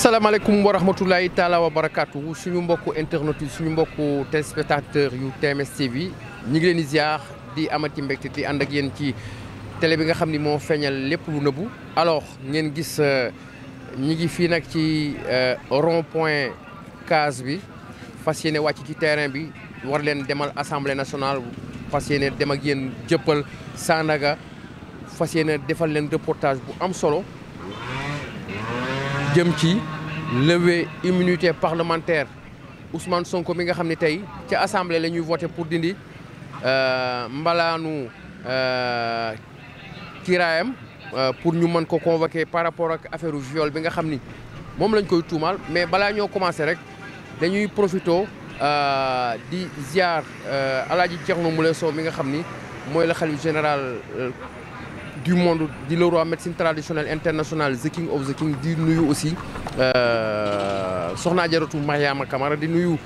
asalaamaaleykum wa rahmatulahi taala wa barakaatu suñu mbokku internet yi suñu mbokku téléspectateur yu TMS TV ñu ngi leen di ziar di amati mbégte di ànd ak yéen ci télé bi nga xam ni moo feeñal lépp lu nëbbu. alors ngeen gis euh, ñi ngi fii nag ci euh, rond point case bi fas yéene wàcc ci terrain bi war leen demal assemblée nationale fas yéene dem ak yéen jëppal Sandaga fas yéene defal leen reportage bu am solo. jëm ci lever immunité parlementaire Ousmane Sonko mi nga xam ne tey ci assemblée la ñuy voté pour dindi euh, mbalaanu euh, kiraayam euh, pour ñu mën ko convoquer par rapport ak affaire viol bi nga xam ni moom lañ koy tuumaal mais balaa ñoo commencé rek dañuy profito di ziar El Hadj Thierno Moule Sow mi nga xam ni mooy la xalif général. du monde di le roi médecine traditionnelle internationale the king of the king di nuyu aussi euh, soxna Ajaratu Mariama Camara di nuyu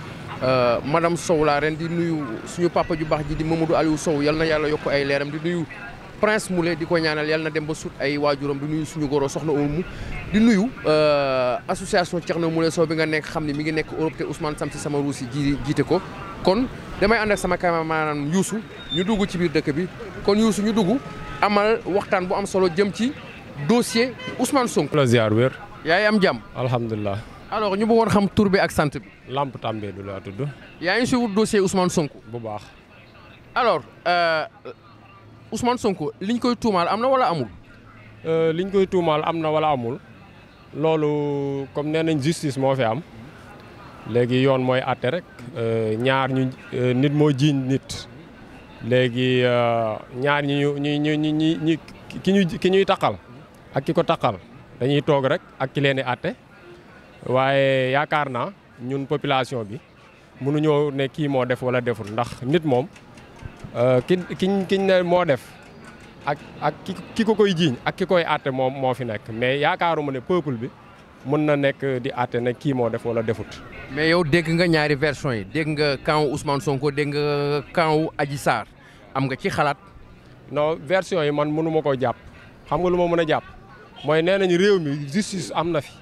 euh, madame Sow laa ren di nuyu suñu papa ju baax ji di Mamadou Aliou Sow yal na yàlla yokk ay leeram di nuyu Prince Moulé di ko ñaanal yal na dem ba sut ay waajuram di nuyu suñu goro soxna Oumou di nuyu euh, association Thierno Moulé Sow bi nga nekk xam ne mi ngi nekk Europe te Ousmane Samsi sama ruusi jiite ko kon damay ànd ak sama cameraman Youssou ñu dugg ci biir dëkk bi kon Youssou ñu dugg amal waxtaan bu am solo jëm ci dossier Ousmane Sonko. la ziar wér. yaa am jàmm. alhamdulilah. alors ñu bëggoon xam tur bi ak sant bi. Lamp També du laa tudd. yaa ngi suivre dossier Ousmane Sonko. bu baax. alors euh, Ousmane sunk liñ koy tuumaal am na wala amul. Euh, liñ koy tuumaal am na wala amul. loolu comme nee nañ justice moo fi am. léegi yoon mooy àtte rek. Euh, ñaar ñu nit moo jiiñ nit. léegi euh, ñaar ñi ñu ñi ñu ñi ñi ki ñu ki ñuy taqal ak ki ko taqal dañuy toog rek ak ki leen di waaye yaakaar naa ñun population bi mënuñoo ne kii moo def wala deful ndax nit moom euh, ki ki kiñ ne moo def ak ak ki ko koy jiiñ ak ki koy àtte moom moo fi nekk mais yaakaaruma ne peuple bi mën na nekk di àtte ne kii moo def wala defut. mais yow dégg nga ñaari version yi dégg nga camp Ousmane Sonko dégg nga camp Adji Sarr am nga ci xalaat non version yi man mënuma koo jàpp xam nga lu ma mën a jàpp mooy nee nañu réew mi justice am na fi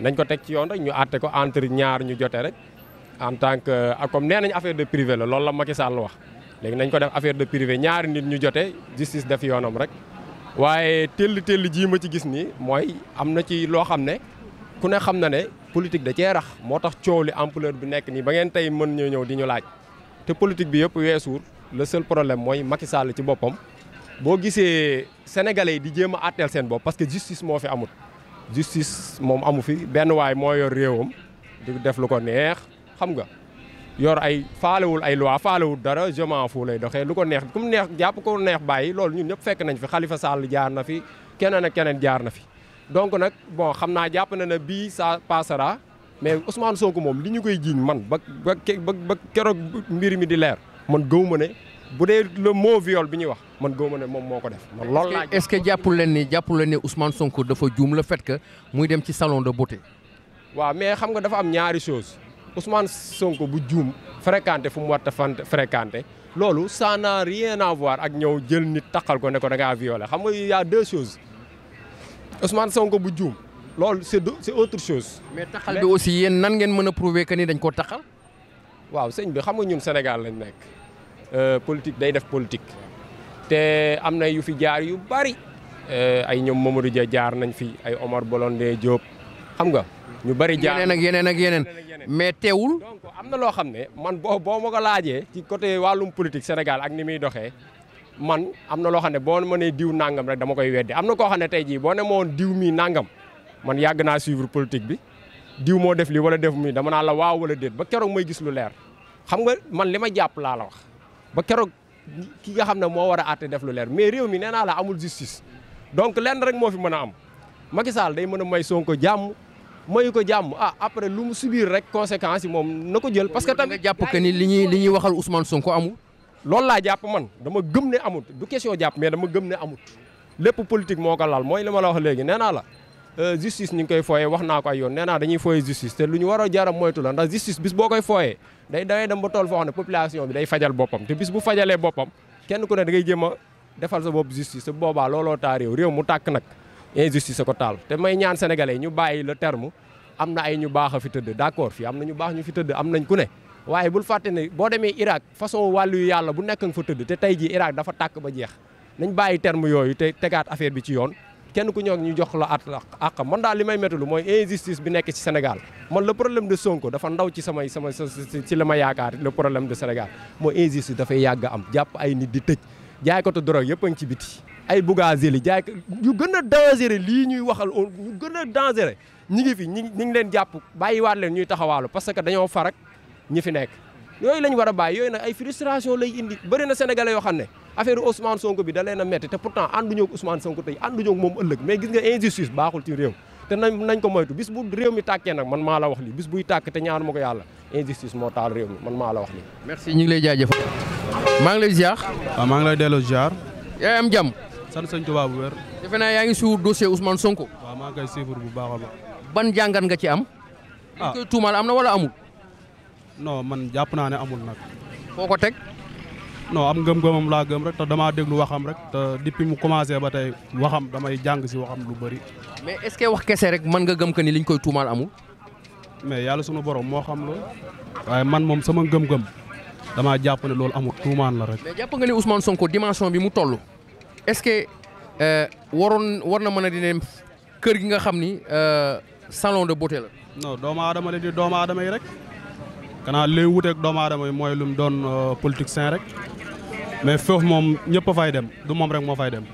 nañ ko teg ci yoon rek ñu àtte ko entre ñaar ñu jote rek en tant que ah, comme nee nañ affaire de privé la lool la Macky Sall wa léegi nañ ko def affaire de privé ñaari nit ñu jote justice def yoonam rek waaye tell tell jii ma ci gis nii mooy am na ci loo xam ne ku ne xam na ne politique da cee rax moo tax coow li ampleur bi nekk nii ba ngeen tey mën ñoo ñëw di ñu laaj te politique yëpp weesuur le seul problème mooy Macky Sall ci boppam boo gisee sénégalais yi di jéem a àtteel seen parce que justice moo fi amut justice moom amu fi benn waay moo yor réewam di def lu ko neex xam nga yor ay faalewul ay loi faalewul dara je m'en fous lay doxee lu ko neex ku mu neex jàpp ko neex bàyyi loolu ñun ñëpp fekk nañ fi xalifa Sall jaar na fi keneen ak keneen jaar na fi donc nag bon xam naa jàpp na ne bii saa passera mais Ousmane Sonko moom li ñu koy jiiñ man ba keroog mbir mi di leer man gëwuma ne bu dee le mot viol bi ñuy wax man gëwuma ne moom moo ko def. man loolu laa est-ce que jàppul leen ni jàppul leen ni Ousmane Sonko dafa juum le fait que muy dem ci salon de beauté. waaw mais xam nga dafa am ñaari chose Ousmane Sonko bu juum fréquenté fu mu war a fréquenté loolu ça n'a rien à voir ak ñëw jël nit taqal ko ne ko da ngaa xam nga y a deux choses Ousmane Sonko bu juum loolu c'est c'est autre chose. mais taqal bi aussi yéen nan ngeen mën a prouver que nii dañ koo taqal. waaw sëñ bi xam nga ñun Sénégal lañ nekk. Euh, politique day def politique te am na yu fi jaar yu bari euh, ay ñoom Mamadou Dia jaar nañ fi ay Omar Bolondé Diop xam nga ñu bari jaar nag ak yeneen ak yeneen mais teewul. am na loo xam ne man boo boo ma ko laajee côté wàllum politique Sénégal ak ni muy doxee man am na loo xam ne boo ma nee diw nangam rek dama koy weddi am na koo xam ne tey jii boo ne moo diw mii nangam man yàgg naa suivre politique bi diw moo def lii wala def mi dama naa la waaw wala déet ba keroog may gis lu leer xam nga man li ma jàpp laa la wax. ba keroog ki nga xam ne moo war a atte def lu leer mais réew mi nee naa la amul justice donc lenn rek moo fi mën a am Macky Sall day mën a may Sonko jàmm mayu ko jàmm ah après lu mu subir rek conséquences yi moom na ko jël. parce que tamit jàpp que ni li ñuy li ñuy waxal Ousmane Sonko amul. lool laa jàpp man dama gëm ne amut du question jàpp mais dama gëm ne amut lépp politique moo ko laal mooy li ma la wax léegi nee naa la. Euh, justice ñu ngi koy fooyee wax naa ko ay yoon nee naa dañuy fooyee justice te lu ñu war a jaram moytu la ndax justice bis boo koy fooyee day dangay dem ba tool foo xam ne population bi day fajal boppam te bis bu fajalee boppam kenn ku ne da ngay jéem a defal sa bopp justice te boobaa looloo taar réew réew mu tàkk nag injustice ko taal te may ñaan sénégalais ñu bàyyi la terme am na ay ñu baax a fi tëdd d'accord fii am na ñu baax ñu fi tëdd am nañ ku ne waaye bul fàtte ne boo demee Irak façon wàllu yu yàlla bu nekk nga fa tëdd te tey jii Irak dafa tàkk ba jeex nañ bàyyi terme yooyu te tegaat affaire bi ci yoon kenn ku ñëw ñu jox la at àq man daal li may métti mooy injustice bi nekk ci Sénégal man le problème de Sonko dafa ndaw ci samay sama ci la ma yaakaar le problème de Sénégal mooy injustice dafay yàgg am jàpp ay nit di tëj jaay ko te drogue yëpp a ngi ci biti ay Bougazelli jaay ko ñu gën a dangereux lii ñuy waxal ñu gën a dangereux ñi ngi fi ñi ngi leen jàpp bàyyiwaat leen ñuy taxawaalu parce que dañoo farak ñi fi nekk yooyu lañ war a bàyyi yooyu nag ay frustration lay indi bëri na sénégalais yoo xam ne affaire Ousmane Sonko bi da leen a metti te pourtant ànduñoo ak Ousmane Sonko tey ànduñoo ak moom ëllëg mais gis nga injustice baaxul ci réew te nañ nañ ko moytu bis bu réew mi tàkkee nag man maa la wax li bis buy tàkk te ñaanu ma ko yàlla injustice moo taal réew mi man maa la wax li merci ñu ngi lay jaajëfal maa ngi lay ziar. waaw maa ngi lay delloo ziar. yaa am defe naa yaa ngi suivre dossier Ousmane Sonko. waaw bu baax a baax. ban jàngat nga ci am. ah koy tuumaal am na wala amul. non man jàpp naa ne amul nag. foo ko teg. no am ngëm-ngëmam laa gëm rek te damaa déglu waxam rek te depuis mu commencé ba tey waxam damay jàng si waxam lu bëri. mais est-ce que wax kese rek mën nga gëm que ni liñ koy tuumaal amul. mais yàlla sunu borom moo xam loolu waaye man moom sama ngëm damaa jàpp ne loolu amul tuumaan la rek. mais jàpp nga ni Ousmane Sonko dimension bi mu toll est-ce que euh, waroon war na mën a di kër gi nga xam ni euh, salon de beauté la. non doomu aadama leen di doomu aadama yi rek. xanaa lay wuteek doomu aadama yi mooy lu mu doon euh, politique sain rek mais foofu moom ñëpp a fay dem du moom rek moo fay dem.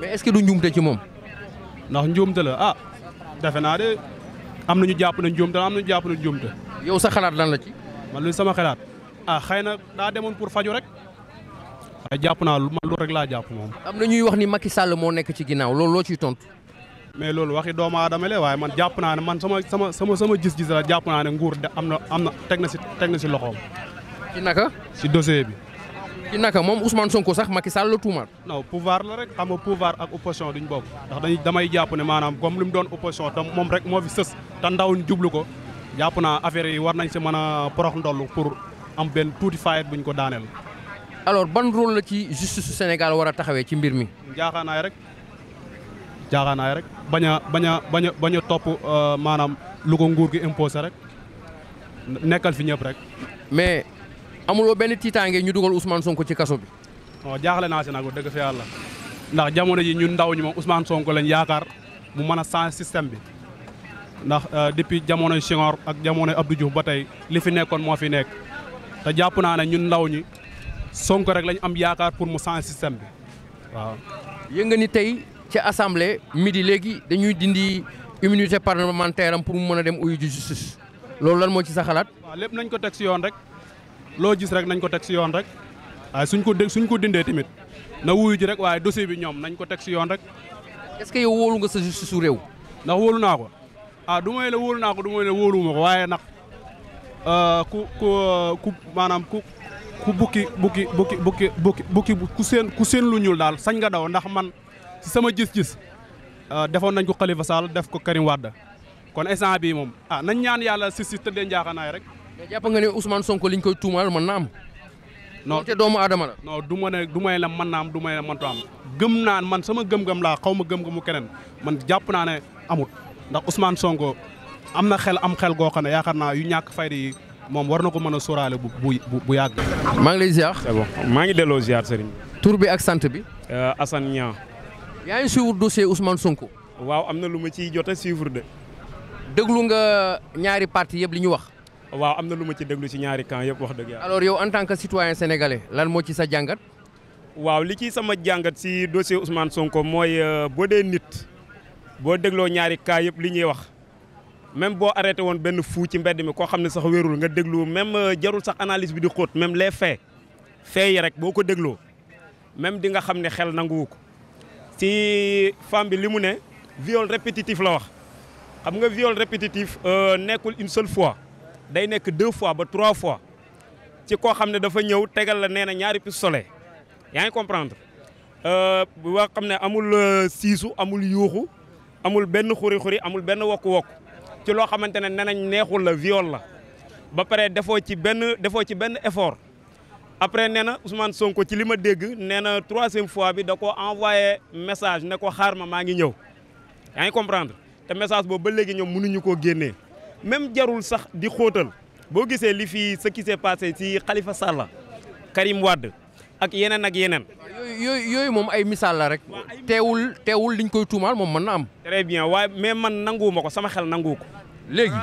mais est-ce que du njuumte ci moom. ndax njuumte la ah defe naa de am nañu jàpp ne njuumte am nañu jàpp ne njuumte. yow sa xalaat lan la ci. man luy sama xalaat ah xëy na daa demoon pour fajo rek. waaye jàpp naa lu ma lu rek laa jàpp moom. am na ñuy wax ni Macky Sall moo nekk ci ginnaaw loolu loo ciy tontu. mais loolu waxi doomu aadama le waaye man jàpp naa ne man sama sama sama sama gis-gis jàpp naa ne nguur de am na am na teg na si teg na si loxoom. ci naka. si dossier bi. ci naka moom Ousmane Sonko sax Macky Sall la tuumaal. non pouvoir la rek xam nga pouvoir ak opposition duñ bokk ndax dañuy damay jàpp ne maanaam comme li mu doon opposition te moom rek moo fi sës te ndaw jublu ko jàpp naa affaire yi war nañ si man a porox ndollu pour am benn tuuti faayet buñ ko daaneel. alors ban rôle la ci justice Sénégal war a taxawee ci mbir mi. jaaxaanaay rek. jaaxaanaay rek bañ a bañ a bañ bañ a topp euh, maanaam lu ko nguur gi imposé rek nekkal fi ñëpp rek. mais amuloo benn tiitaange ñu dugal Ousmane Sonko ci kaso bi. waaw jaaxle naa si nag dëgg fa yàlla ndax jamono ji ñun ndaw ñi moom Ousmane Sonko lañ yaakaar mu mën a changer système bi ndax euh, depuis jamonoy Senghor ak jamonoy Abdou Diouf ba tey li fi nekkoon moo fi nekk te jàpp naa ne ñun ndaw ñi Sonko rek lañ am yaakaar pour mu changer système bi waaw. tey ci assemblée midi léegi dañuy dindi immunité parlementaire am pour mu mën a dem uyu ji justice loolu lan moo ci sa xalaat. waaw lépp nañ ko teg si yoon rek loo gis rek nañ ko teg si yoon rek waaye suñ ko dé suñ ko dindee tamit na wuyu ji rek waaye dossier bi ñoom nañ ko teg si yoon rek. est-ce que yow wóolu nga sa si su réew. ndax wóolu naa ko ah du may la wóolu naa ko du may la ko waaye nag euh, ku ku euh, ku maanaam ku. ku bukki bukki bukki bukki bukki ku seen ku seen lu ñuul daal sañ nga daw ndax man. ci sama gis-gis euh, defoon nañ ko Khalifa Sall def ko Karim Wade kon instant bii moom ah nañ ñaan yàlla si si tëddee njaaxanaay rek. mais jàpp nga ne Ousmane Sonko liñ koy tuumaal mën na am. non doomu aadama du ma ne du may la mën na am du may la am gëm naa man sama gëm-gëm laa xaw ma gëm-gëmu keneen man jàpp naa ne amut ndax Ousmane Sonko am na xel am xel goo xam ne yaakaar naa yu ñàkk fayda moom war na ko mën a sóoraale bu bu bu yàgg. maa ngi lay ziar. maa ngi delloo ziar Serigne. tur bi ak sant bi. Euh, Assane Niang. yaa ngi suivre dossier Ousmane Sonko. waaw am na lu ma ciy jot a suivre de. déglu nga ñaari parti yëpp li ñu wax. waaw am na lu ma ci déglu si ñaari camp yëpp wax dëgg yàlla. alors yow en tant que citoyen sénégalais lan moo ci sa jàngat. waaw li ci sama jàngat si dossier Ousmane Sonko mooy euh, boo dee nit boo dégloo ñaari kaa yëpp li ñuy wax même boo arrêté woon benn fou ci mbedd mi koo xam ne sax wérul nga déglu même euh, jarul sax analyse bi di xóot même les faits faits rek boo ko dégloo même di nga xam ne xel nanguwu ko si femme bi li mu ne viol répétitif la wax xam nga viol répétitif euh, nekkul une sole fois day nekk deux fois ba trois fois ci koo xam ne dafa ñëw tegal la nee na ñaari pistolet yaa ngi comprendre euh, boo xam ne amul euh, siisu amul yuuxu amul benn xuri-xuri amul benn wok wokku ci loo xamante ne nee nañ neexul la viol la ba pare defoo ci benn defoo ci benn effort après nee na Ousmane Sonko ci li ma dégg nee na troisième fois bi da ko envoyé message ne ko xaar ma maa ngi ñëw yaa ngi comprendre te message boobu ba léegi ñoom mënuñu koo génnee même jarul sax di xóotal boo gisee li fi ce qui s'est xalifa ci Khalifa Sall Karim Wade ak yeneen ak yeneen. yooyu yooyu moom ay missaal la rek. teewul teewul ñu koy tuumaal moom mën na am. très bien waaye mais man ma ko sama xel nanguwu ko. léegi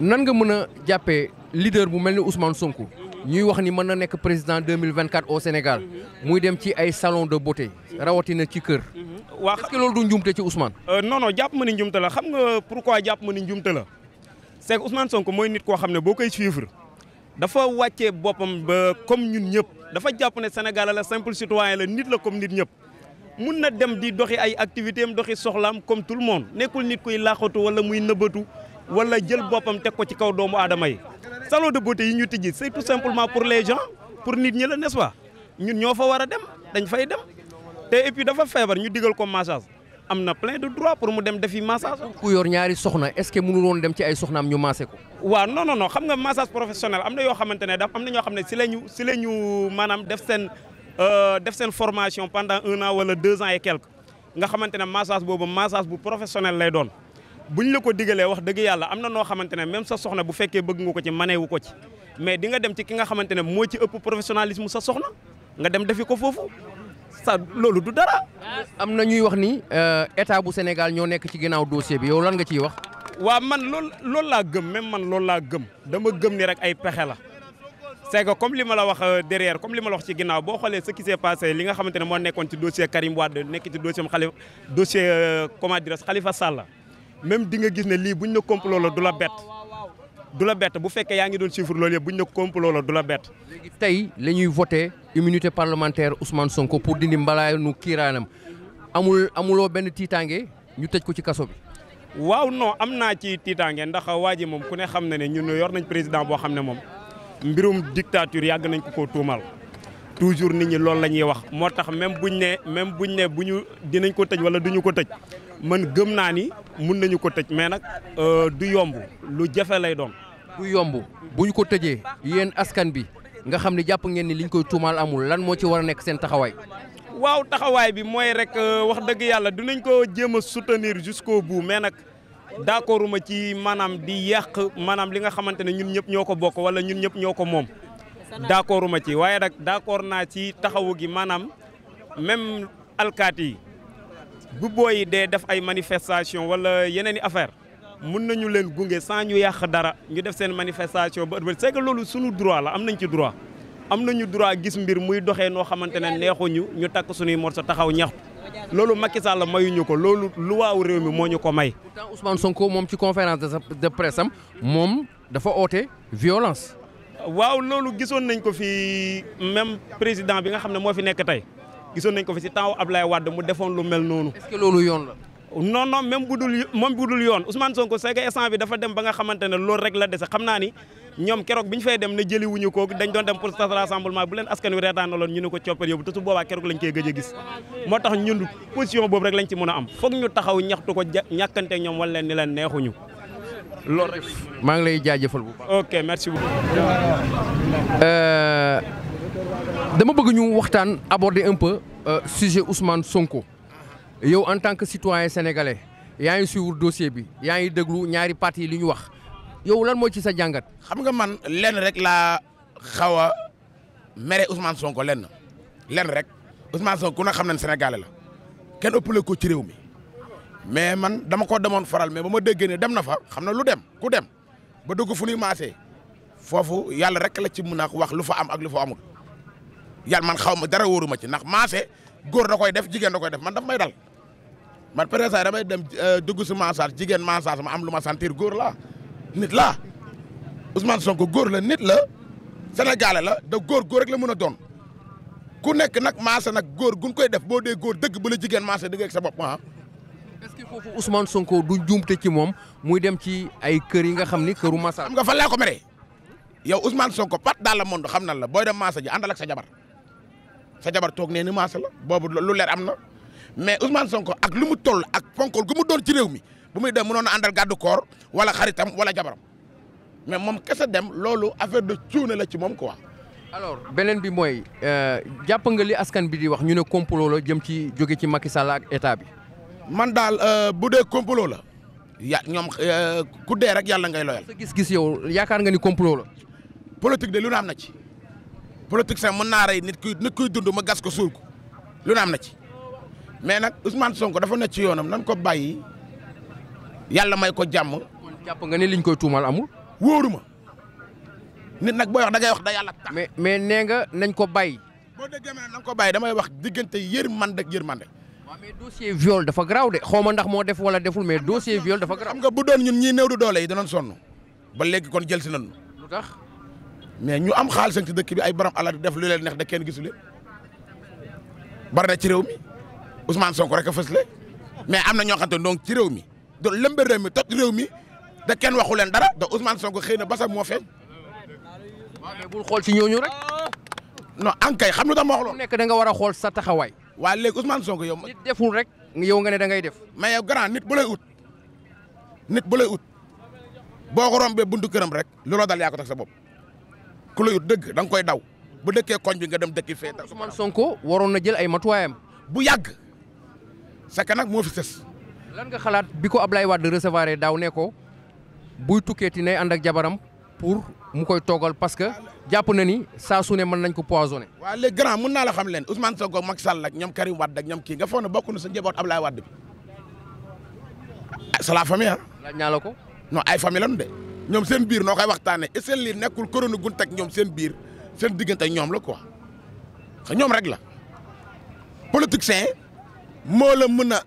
nan nga mën a jàppee leader bu mel ni Ousmane Sonko. ñuy wax ni mën na nekk président 2024 au Sénégal mhm. muy dem ci ay salon de beauté rawatina ci kër. Mhm. waa est-ce du njumte ci Ousmane. Euh, non non jàpp ma ni njumte la xam nga pourquoi jàpp ma ni njumte la c'est que Ousmane mooy nit koo xam ne boo koy suivre dafa wàccee boppam ba comme ñun ñëpp dafa jàpp ne Sénégal la simple citoyen la nit la comme nit ñëpp. mun na dem di doxi ay activité am doxi soxlaam comme tout le monde nekkul nit kuy laaxatu wala muy nëbbatu wala jël boppam teg ko ci kaw doomu aadama yi salon de beauté yi ñu tijji c'est tout simplement pour les gens pour nit ñi la n'est-ce ñoo fa war a dem dañ fay dem te et dafa feebar ñu digal ko massage am na plein de droit pour mu dem defi massage. ku yor soxna est-ce que mënul woon dem ci ay soxnaam ñu massé ko. waaw non non non xam nga massage professionnel am na xamante ne daf am na ñoo xam ne si la ñu si ñu maanaam def seen euh, def seen formation pendant un an wala deux ans et quelques nga xamante ne massage boobu massage bu professionnel lay doon. bu ñu la ko digalee wax dëgg yàlla am na noo xamante ne même sa soxna bu fekkee bëgg nga ko ci manewu ko ci mais di nga dem ci ki nga xamante ne moo ci ëpp professionnalisme sa soxna nga dem defi ko foofu sa loolu du dara. am na ñuy wax ni euh, état bu Sénégal ñoo nekk ci ginnaaw dossier bi yow nga ciy wax. waaw man loolu loolu laa gëm même man loolu laa gëm dama gëm ni ay pexe la c'est que comme wax euh, derrière comme li ma la boo xoolee ce qui nga xamante ne moo nekkoon ci dossier Karim Wade nekk ci dossier Khalifa dossier euh, comment dirais-je même di nga gis ne lii buñ la complot la du la bett du la bett bu fekkee yaa ngi doon chiffre loolu yëpp buñ la complot la du la bett. léegi tey la ñuy voté immunité parlementaire Ousmane Sonko pour dindi mbalaanu kiiraanam amul amuloo benn tiitaange ñu tëj ko ci kaso bi. waaw no am naa ci tiitaange ndax waa ji moom ku ne xam na ne ñun yor nañ président boo xam ne moom mbirum dictature yàgg nañ ko koo tuumal. toujours nit ñi loolu la ñuy wax moo tax même buñ ne même buñ ne bu ñu dinañ ko tëj wala duñu ko tëj man gëm naa ni mun nañu ko tëj mais nag euh, du yomb lu jafe lay doon. du yomb bu ñu ko tëjee yéen askan bi nga xam ne jàpp ngeen ni liñ koy tuumaal amul lan moo ci war a nekk seen taxawaay. waaw taxawaay bi mooy rek euh, wax dëgg yàlla du dinañ ko jéem a soutenir jusqu'au bout mais nag d'accord ma ci maanaam di yàq maanaam li nga xamante ne ñun ñëpp ñoo ko bokk wala ñun ñëpp ñoo ko moom. d'accord ma ci waaye nag d'accord naa ci taxawu gi maanaam même alkaati yi. bu booy dee def ay manifestation wala yeneen i affaire mun nañu leen gunge sans ñu yàq dara ñu def seen manifestation ba ëllëg c'est que loolu suñu droit la am nañ ci droit am nañu droit gis mbir muy doxee noo xamante ne neexuñu ñu takk suñuy morso taxaw ñaxtu loolu Macky Sall mayuñu ko loolu waaw réew mi moo ñu ko may. pourtant Ousmane Sonko moom ci conférence de presse am moom dafa oote violence. waaw loolu gisoon nañ ko fii même président bi nga xam ne moo fi nekk tey. gisoon nañ ko fi si temps Ablaye Wade mu defoon lu mel noonu. est-ce que yoon la. non non même bu dul moom bu dul yoon Ousmane Sonko c'est que bi dafa dem ba nga xamante ne loolu rek la dese xam naa ni ñoom keroog bi ñu fay dem ne jëli wuñu ko dañ doon dem pour sa rassemblement bu leen askan wi reetaanaloon ñu ne ko coppar yóbbu te su boobaa keroog lañ koy gëj a gis moo tax ñun position boobu rek lañ ci mun a am foog ñu taxaw ñaxtu ko ñàkkante ñoom wala leen ni leen neexuñu loolu rek. maa ngi lay jaajëfal bu baax. ok merci beaucoup. Euh, dama bëgg ñu waxtaan aborder un peu euh, sujet Ousmane Sonko yow en tant que citoyen sénégalais yaa ngi suivre dossier bi yaa ngi déglu ñaari parti li ñu wax yow lan moo ci sa jàngat. xam nga man lenn rek laa xaw a mere Ousmane Sonko lenn lenn rek Ousmane Sonko ku ne xam nañ sénégalais la kenn ëppale ko ci réew mi mais man dama ko demoon faral mais ba ma déggee ne dem na fa xam na lu dem ku dem ba dugg fu ñuy maasee foofu yàlla rek la ci mën a wax lu fa am ak lu fa amul. yàlla man xaw ma dara wóoruma ci ndax maase góor da koy def jigéen da koy def man daf may dal man président damay dem euh, dugg si massage jigéen massage ma am lu ma sentir góor laa nit la Ousmane Sonko góor la nit la Sénégalais la da góor góor rek la mën a doon ku nekk nag maase nag góor gun koy def boo dee góor dëgg bula la jigéen maase dëgg ak sa bopp ah. est-ce que foofu Ousmane Sonko du juumte ci moom muy dem ci ay kër yi nga xam ni këru massage. xam nga fan laa ko meree yow Ousmane Sonko pat daal la monde xam na la booy dem massage ji àndal ak sa jabar. sa jabar toog nee ni maase la boobu lu leer am na mais Ousmane Sonko ak lu mu toll ak ponkol gu mu doon ci réew mi bu muy dem mu a àndal gàddu koor wala xaritam wala jabaram mais moom kese dem loolu affaire de cuune la ci moom quoi. alors beneen bi mooy euh, jàpp nga li askan bi di wax ñu ne complot la jëm ci jóge ci Macky Sall ak état bi. man daal euh, bu dee complot la ya ñoom euh, ku dee rek yàlla ngay loyal. sa gis-gis yow yaakaar nga ni complot la. politique de lu na am na ci. politicien mën naa rey nit kuy nit kuy dund ma gas ko suul ko lu na am na ci mais nag Ousmane Sonko dafa na ci yoonam nan ko bàyyi yàlla may ko jàmm. kon nga ne liñ koy tuumal amul. wóoru ma nit nag boo wax da ngay wax da yàlla tax. mais mais nee nga nañ ko bàyyi. boo déggee ma ne nañ ko bàyyi damay wax diggante yërmande ak yërmande. waaw mais dossier viol dafa garaaw de xaw ma ndax moo def wala deful mais dossier viol dafa garaaw. xam nga bu doon ñun ñii néew du doole yi danañ sonn ba léegi kon jël si nañu. mais ñu am xaalis ci dëkk bi ay borom alal di def lu leen neex kenn gisul bari ci réew mi Ousmane Sonko rek a fësle mais am na ñoo xam te donc ci réew mi do lëmbe réew mi toj réew mi da kenn waxu leen dara da Ousmane Sonko xëy na ba sax moo feeñ. waaw bul xool ci ñooñu rek. non ankay xam lu tax ma wax loolu. nekk da nga war a xool sa taxawaay. waa léegi Ousmane Sonko yow. nit deful rek yow nga ne da ngay def. mais yow nit bu lay ut nit bu lay ut boo ko rombee buntu këram rek looloo dal yaa ko teg sa bopp. ku la dëgg da nga koy daw bu dëkkee koñ bi nga dem dëkki fee. Ousmane Sonko waroon na jël ay matuwaayam. bu yàgg c'est nag moo fi sës. lan nga xalaat bi ko ab Ablaye Wade recevoir daaw ne ko buy ti nay ànd ak jabaram pour mu koy toogal parce que jàpp na ni saa su ne mën nañ ko poisonné. waa les grands mun naa la xam leen usman Sonko Macky Sall ak ñoom Karim Wade ak ñoom kii nga foog ne bokk na sa njaboot Ablaye Wade bi. Ah, c'est la famille ah. laaj naa ko. no ay famille lañu de. ñoom seen biir noo koy waxtaanee est ce que lii nekkul korona gun teg ñoom seen biir seen diggante ñoom la ko quoi te ñoom rek la politicien moo la mën a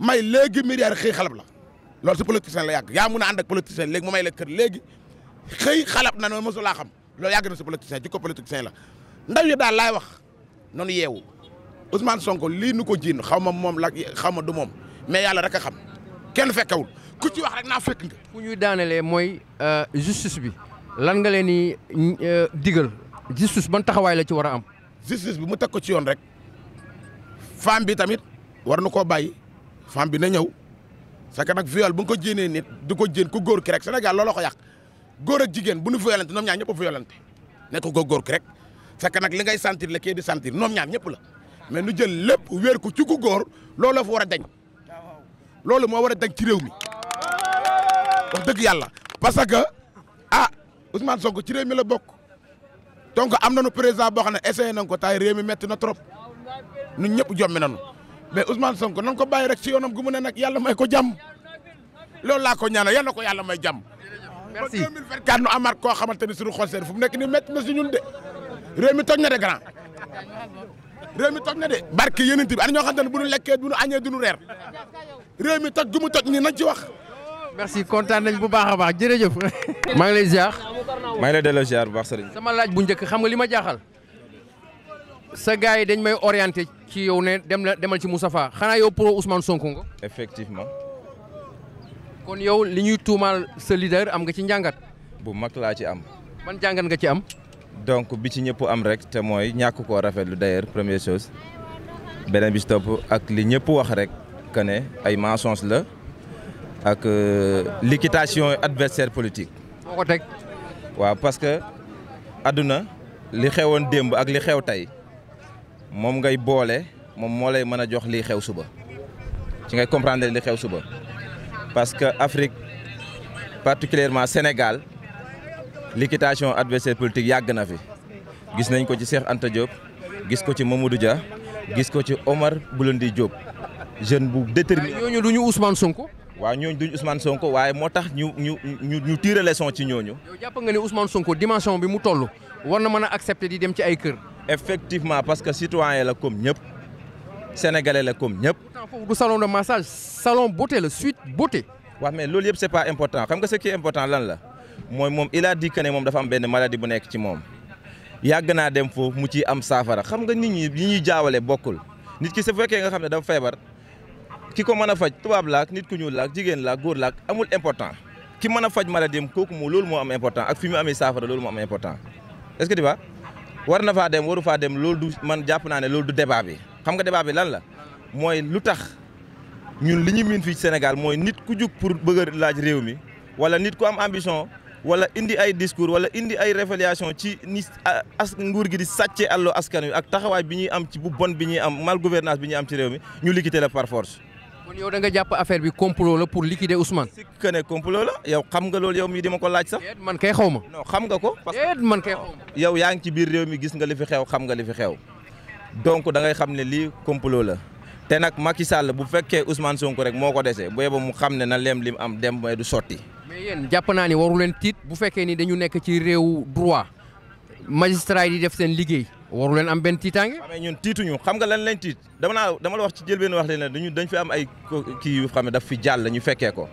may léegi milliard xëy xalab la loolu si politicien la yàgg yaa mun a ànd ak politicien léegi mu may la kër léegi xëy xalab na noonu mosu laa xam loolu yàgg na si politicien jikko politicien la ndaw yi daal laa wax noonu yeewu Ousmane Sonko lii nu ko jiin xaw ma moom la xaw ma du moom mais yàlla rek a xam kenn fekkewul ku ci wax rek naa fekk nga. fu ñuy daanelee mooy euh, justice bi lan nga leen di euh, digal justice ban taxawaay la ci war a am. justice bi mu teg ko ci yoon rek femme bi tamit war na koo bàyyi femme bi na ñëw parce que nag viol bu nga ko jéenee nit di ko jéen ko góor ki rek Sénégal looloo ko yàq góor ak jigéen bu nu violente ñoom ñaar ñëpp a violente nekk ko góor ki rek parce que nag li ngay sentir la kii di sentir ñoom ñaar ñëpp la mais nu jël lépp wéer ko ci ku góor looloo fa war a dañ loolu moo war a dañ ci réew mi. wax dëgg yàlla parce que a ah, Ousmane Sonko ci réew mi la bokk donc am na président boo xam ne essayé nañ ko taay réew mi metti na trop ñun ñëpp jommi nañu mais Ousmane Sonko nan ko bàyyi rek ci yoonam gu mu ne nag yàlla may ko jàmm loolu laa ko ñaanal yal ko yàlla may jàmm. merci ba 2024 nu amaat koo xamante ni suñu xol seen fu mu nekk nii metti na si ñun de réew mi toj na de grand réew mi toj na de. barke yeneen bi am na ñoo xamante ne bu ñu lekkee du ñu añee du ñu reer réew mi toj gu mu toj ni nañ ci wax. merci kontaan nañ bu baax a baax jërëjëf. maa ngi lay ziar. maa ngi lay delloo ziar bu baax sëriñ. sama laaj bu njëkk xam nga li ma jaaxal sa gars yi dañ may orienté ci yow ne dem la demal ci Moustapha xanaa yow pro Ousmane Sonko nga. effectivement. kon yow li ñuy tuumaal sa leader am nga ci njàngat. bu mag laa ci am. man jàngat nga ci am. donc bi ci ñëpp am rek te mooy ñàkk koo lu d'ailleurs premier chose beneen bi ci ak li ñëpp wax rek que ne ay mensonges la. ak euh, liquidation adversaire politique. moo waaw parce que àdduna li xewoon démb ak li xew tey moom ngay boole moom moo lay mën a jox lii xew suba ci ngay comprendre li xew suba parce que Afrique particulièrement Sénégal liquidation adversaire politique yàgg na fi gis nañ ko ci seex Anta Diop gis ko ci Mamadou ja gis ko ci Omar Blondin Diop jeune bu déterminé. ñooñu du ñu Ousmane Sonko. waaw ñooñu duñ Ousmane Sonko waaye moo tax ñu ñu ñu ñu tirer leçon ci ñooñu. yow jàpp nga ne Ousmane Sonko dimension bi mu toll war na mën a accepter di dem ci ay kër. effectivement parce que citoyen la comme ñëpp sénégalais la comme ñëpp. pourtant foofu du salon de massage salon beauté la suite beauté. waaw mais loolu yëpp c'est pas important xam nga ce qui important lan la mooy moom il a dit ne moom dafa am benn maladi bu nekk ci moom yàgg naa dem foofu mu ci am saafara xam nga nit ñi ñi ñuy jaawale bokkul nit ki su fekkee nga xam ne dafa feebar. ki ko mën a faj tubaab laak nit ku ñuul laak jigéen laak góor laak amul important ki mën a faj maladie am kooku moo loolu moo am important ak fi mu amee saafara loolu moo am important est-ce que tu vois war na faa dem waru faa dem loolu du man jàpp naa ne loolu du débat bi xam nga débat bi lan la mooy lu tax ñun li ñu miin fii Sénégal mooy nit ku jug pour bëgg a laaj réew mi wala nit ku am ambition wala indi ay discours wala indi ay révélation ci ni as nguur gi di sàcce àllu askan wi ak taxawaay bi ñuy am ci bu bon bi ñuy am mal gouvernance bi ñuy am ci réew mi ñu liquider la par force kon yow da nga jàpp affaire bi complot la pour liquider Ousmane. si que ne complot la yow xam nga lool yow mii di ma ko laaj sax. man kay xaw ma. non xam nga ko. parce que man yow yaa ngi ci biir réew mi gis nga li fi xew xam nga li fi xew donc da ngay xam ne lii complot la te nag Macky Sall bu fekkee Ousmane Sonko rek moo ko dese bu yeboo mu xam ne na leem lim am dem may du sotti. jàpp naa ni waru leen tiit bu fekkee ni dañu nekk ci réew droit magistrat yi di def seen liggéey. waru leen am benn tiitaange. waaw mais ñun tiituñu xam nga lan lañ tiit dama naa la wax ci jël benn wax leen ne dañu dañ fi am ay kii yu xam ne daf fi jàll ñu fekkee ko.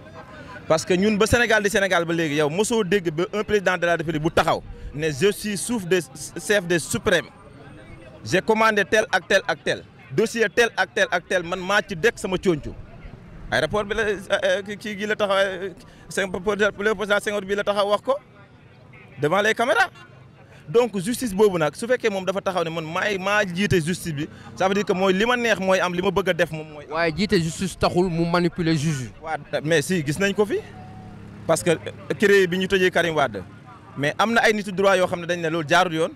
parce que ñun ba Sénégal di Sénégal ba léegi yow mosoo dégg ba un président de la République bu taxaw ne je suis chef des chef des suprême j'ai commandé tel ak tel ak tel dossier tel ak tel ak tel man maa ci dekk sama cooncu. aéroport bi la euh, euh, kii gii la taxaw seen le président Senghor bi la taxaw wax ko devant lay caméras. donc justice boobu nag su fekkee moom dafa taxaw ne man maay maa jiite justice bi ça veut dire mooy li ma neex mooy am li ma bëgg a def moom mooy. waaye jiite justice taxul mu manipuler juge. waaw mais si gis nañ ko fi parce que euh, CREI bi ñu tëjee Karim Wade mais am na ay nitu droit yoo xam ne dañ ne loolu jaarul yoon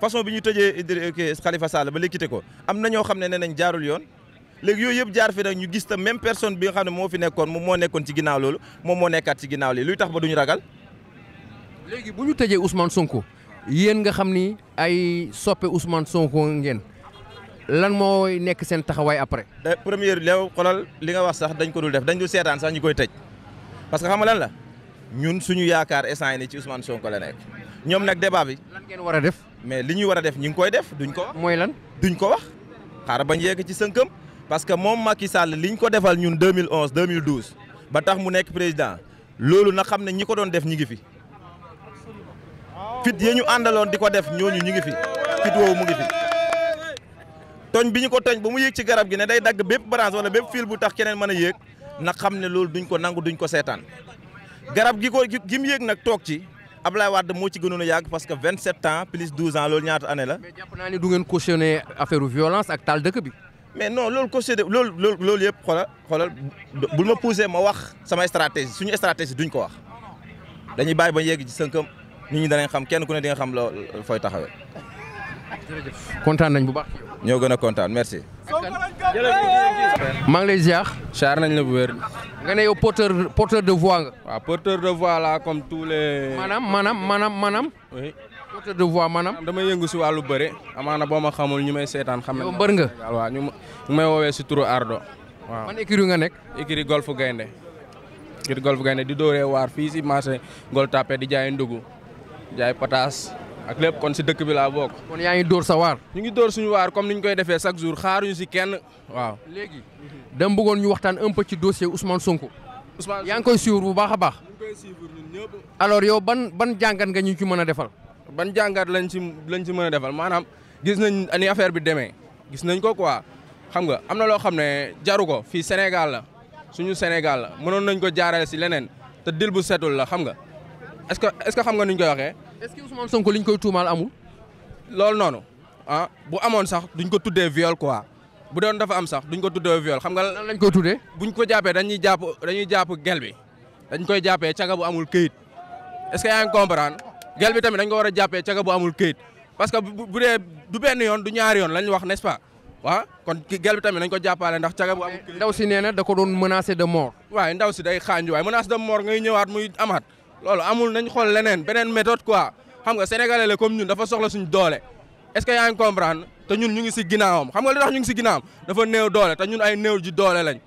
façon bi ñu tëjee euh, Khalifa Sall ba léegi quitté ko am na ñoo xam ne nee nañ jaarul yoon. léegi yooyu yëpp jaar fi ñu gis ta même personne bi nga ne moo fi nekkoon moom moo nekkoon ci ginnaaw loolu moom moo nekkaat ci ginnaaw li luy tax ba duñu ragal. léegi bu ñu tëjee Ousmane Sonko yéen nga xam ni ay soppe Ousmane Sonko ngeen lan mooy nekk seen taxawaay après. da première leew xoolal li nga wax sax dañ ko dul def dañ dul seetaan sax ñu koy tëj parce que xam lan la ñun suñu yaakaar instant ni ci Ousmane Sonko la nekk ñoom nag débat bi. lan ngeen war a def. mais li ñuy war a def ñu ngi koy def duñ ko. wax mooy lan duñ ko wax. xaaral bañ yegg ci sënkam parce que moom Macky li ñu ko defal ñun 2011 2012 ba tax mu nekk président loolu na xam ne ñi ko doon def ñi ngi fi. fit yi ñu àndaloon di ko def ñooñu ñu ngi fi fit woowu mu ngi fi toñ bi ñu ko toñ ba mu yéeg ci garab gi ne day dagg bépp branche wala bépp fil bu tax keneen man a yéeg na xam ne loolu duñ ko nangu duñ ko seetaan garab gi ko gi mu yéeg nag toog ci Ablaye Wade moo ci gënoon a yàgg parce que 27 ans plus 12 ans loolu ñaata année la. naa ne du ngeen cautionné affaire violence ak taal dëkk bi. mais non loolu cautionné loolu loolu loolu yëpp xoolal xoolal bul ma poussé ma wax sama stratégie suñu stratégie duñ ko wax dañuy bàyyi ba yegg ci sënkam ni ñi danañ xam kenn ku ne di nga xam loo fooy taxawee. kontaan nañ bu baax. ñoo gën a kontaan merci. maa ngi lay ziar. char nañ la bu wér. nga ne yow porteur de voix nga. de voix la comme tous les. maanaam maanaam maanaam maanaam. oui porteur de damay yëngu si wàllu bëre. amaana boo ma xamul ñu may seetaan xam nañ. yow mbër nga waaw ñu may woowee si turu Ardo. waaw man écurie nga nekk. écurie golf gaynde écurie golf gaynde di dooree waar fii si marché Gueule Tapée di jaay ndugu. jaay pataas ak lépp kon si dëkk bi la bokk. kon yaa ngi dóor sa waar. ñu ngi dóor suñu waar comme ni ñu koy defee chaque jour xaaruñu si kenn waaw. léegi dama bëggoon ñu waxtaan un peu ci dossier Ousmane Sonko. Ousmane yaa ngi koy suivre bu baax a baax. alors yow ban ban jàngat nga ñu ci mën a defal. ban jàngat lañ ci lañ ci mën a defal maanaam gis nañ ni affaire bi demee gis nañ ko quoi xam nga am na loo xam ne jaru ko fii Sénégal la suñu Sénégal la mënoon nañ ko jaarale si leneen te dil bu la xam nga est-ce que est-ce que xam nga nuñ koy waxee. est-ce que Ousmane Sonko liñ koy tuumaal amul. loolu noonu ah bu amoon sax duñ ko tuddee viol quoi bu doon dafa am sax duñ ko tuddee viol xam nga. lan lañ koy tuddee. buñ ko jàppee dañuy jàpp dañuy jàpp gel bi dañ koy jàppee caga bu amul këyit est-ce que yaa ngi comprendre gel bi tamit dañ ko war a jàppee caga bu amul këyit parce que bu dee du benn yoon du ñaari yoon lañ wax n'est-ce pas. waaw ah, kon gel bi tamit nañ ko jàppale ndax caga bu am. ndaw si nee na da ko doon menacé de mort. waaye ndaw si day xaanju waaye menace de mort ngay ñëwaat muy amaat loolu amul nañ xool leneen beneen méthode quoi xam nga sénégalais comme ñun dafa soxla suñ doole est-ce que yaa comprendre te ñun ñu ngi si ginnaawam xam nga li ngi si ginnaawam dafa néew doole te ñun ay néew ji doole lañ.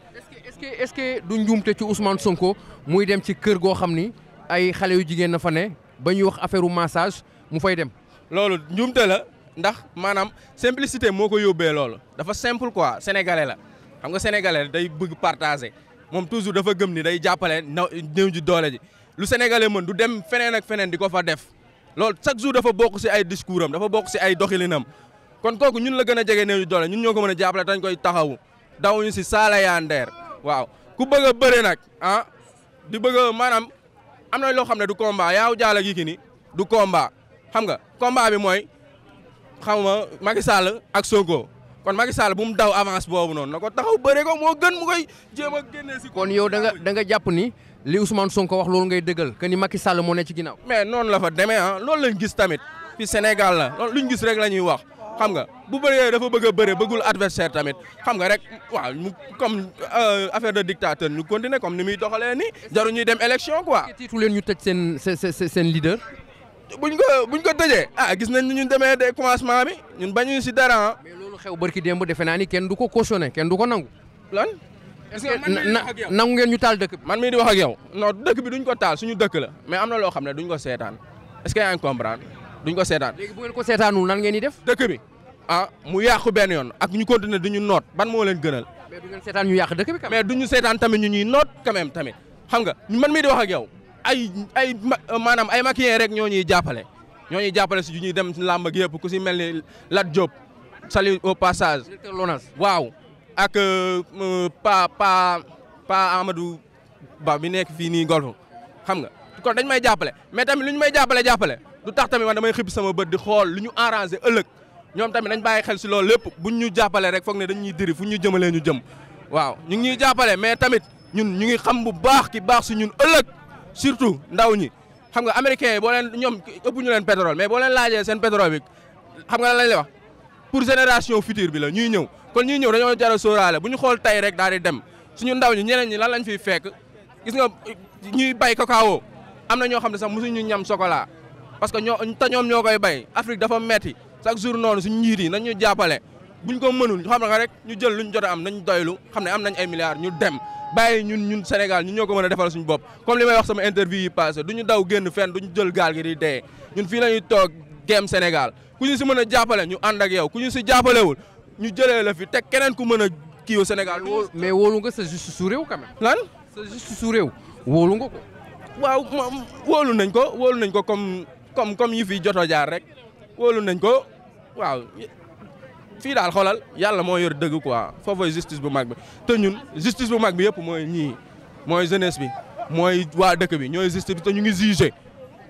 est-ce que du njuumte ci Ousmane Sonko muy dem ci kër goo xam ni ay xale yu jigéen na fa ne ba ñuy wax affaire u massage mu fay dem. loolu njuumte la ndax maanaam simplicité moo ko yóbbee loolu dafa simple quoi sénégalais la xam nga sénégalais day bëgg partager moom toujours dafa gëm ni day jàppale néew ji doole ji. lu sénégalais mën du dem feneen ak feneen di ko fa def loolu chaque jour dafa bokk si ay discours am dafa bokk si ay doxilinam kon kooku ñun la gën a jege néew doole ñun ñoo ko mën a jàppale dañ koy taxawu dawuñu si saala yaa ndeer waaw ku bëgg a bëre nag ah di bëgg a maanaam am na loo xam ne du combat yaaw jaal ak Yékini du combat xam nga combat bi mooy xam nga Macky Sall ak Sonko kon Macky Sall bu mu daw avance boobu noonu na ko taxaw bëre ko moo gën mu koy jéem a génne si. kon yow da nga da nga jàpp ni. li Ousmane Sonko wax loolu ngay dëggal que ni Macky Sall moo ne ci ginnaaw. mais noonu la fa demee ah, loolu lañ gis tamit fi Sénégal la loolu luñ gis rek la ñuy wax xam nga bu bëree dafa bëgg a bëre bëggul adversaire tamit xam nga rek waaw mu comme euh, affaire de dictateur ñu continuer comme ni muy doxalee ni jaru ñuy dem élection quoi. tiitu leen ñu tëj seen seen seen buñ ko buñ ko tëjee ah gis nañ ni ñun demee de commencement bi ñun bañu si dara ah. mais loolu xew barki démb defe naa ni kenn du ko cautionné kenn du ko nangu lan. nangu ngeen ñu taal dëkk bi man mii di wax ak yow non dëkk bi duñ ko taal suñu dëkk la mais am na loo xam ne duñ ko seetaan est-ce que yaa ngi duñ ko seetaan léegi bu ngeen ko seetaanul nan ngeen di def dëkk bi ah mu yàqu benn yoon ak ñu continuer di ñu noot ban moo leen gënal mais du yàq dëkk bi mais duñu seetaan tamit ñu ñuy noot quand tamit xam nga man mii di wax ak yow ay ay euh, maanaam ay maquillé rek ñoo ñuy jàppale ñoo ñuy jàppale si ñuy dem làmb ak yëpp ku si mel ni Lat Diop salut au passage waaw ak euh, euh, pa pa pa Amadou Ba mi nekk fii nii golf xam nga kon dañ may jàppale mais tamit lu ñu may jàppale jàppale du tax tamit na may xib sama bët di xool lu ñu arrangé ëllëg ñoom tamit dañ bàyyi xel si loolu lépp buñ ñu jàppale rek foog ne dañ ñuy diri fu ñu jëmalee ñu jëm waaw ñu ngi ñuy jàppale mais tamit ñun ñu ngi xam bubaax ki baax si ñun ëllëg surtout ndaw ñi xam nga américains yi boo leen ñoom ëpp ñu leen pétrole mais boo leen laajee seen pétrole bi xam nga la lañ lay wax pour génération future bi la ñuy ñëw kon ñuy ñëw dañoo jar a sóoraale bu ñu xool tey rek daal di dem suñu ndaw ñi ñeneen ñi lan lañ fiy fekk gis nga ñuy bay cacao am na ñoo xam ne sax ñu ñam chocolat parce que ñoo te ñoom ñoo koy bay Afrique dafa meti chaque jour noonu su njiit yi nañ ñu jàppale buñ ko mënul xam nga rek ñu jël lu ñu jot am am nañ doylu xam ne am nañ ay milliards ñu dem bàyyi ñun ñun Sénégal ñun ñoo ko mën a defal suñu bopp comme li may wax sama interview yi passé ñu daw génn fenn duñu jël gaal gi di dee ñun fii la ñuy toog gem Sénégal ku ñu si mën a jàppale ñu ànd ak yow ku ñu si jàppalewul ñu jëlee la fi teg keneen ku mën a kii wu Sénégal. mais wóolu nga sa juste su réew quand même. lan sa juste su réew wóolu nga ko. waaw moom wóolu nañ ko wóolu nañ ko comme comme comme yi fi jot jaar rek wóolu nañ ko waaw fii daal xoolal yàlla moo yor dëgg quoi foofu justice bu mag bi te ñun justice bu mag bi yëpp mooy ñii mooy jeunesse bi mooy waa dëkk bi ñooy justice bi te ñu ngi jugé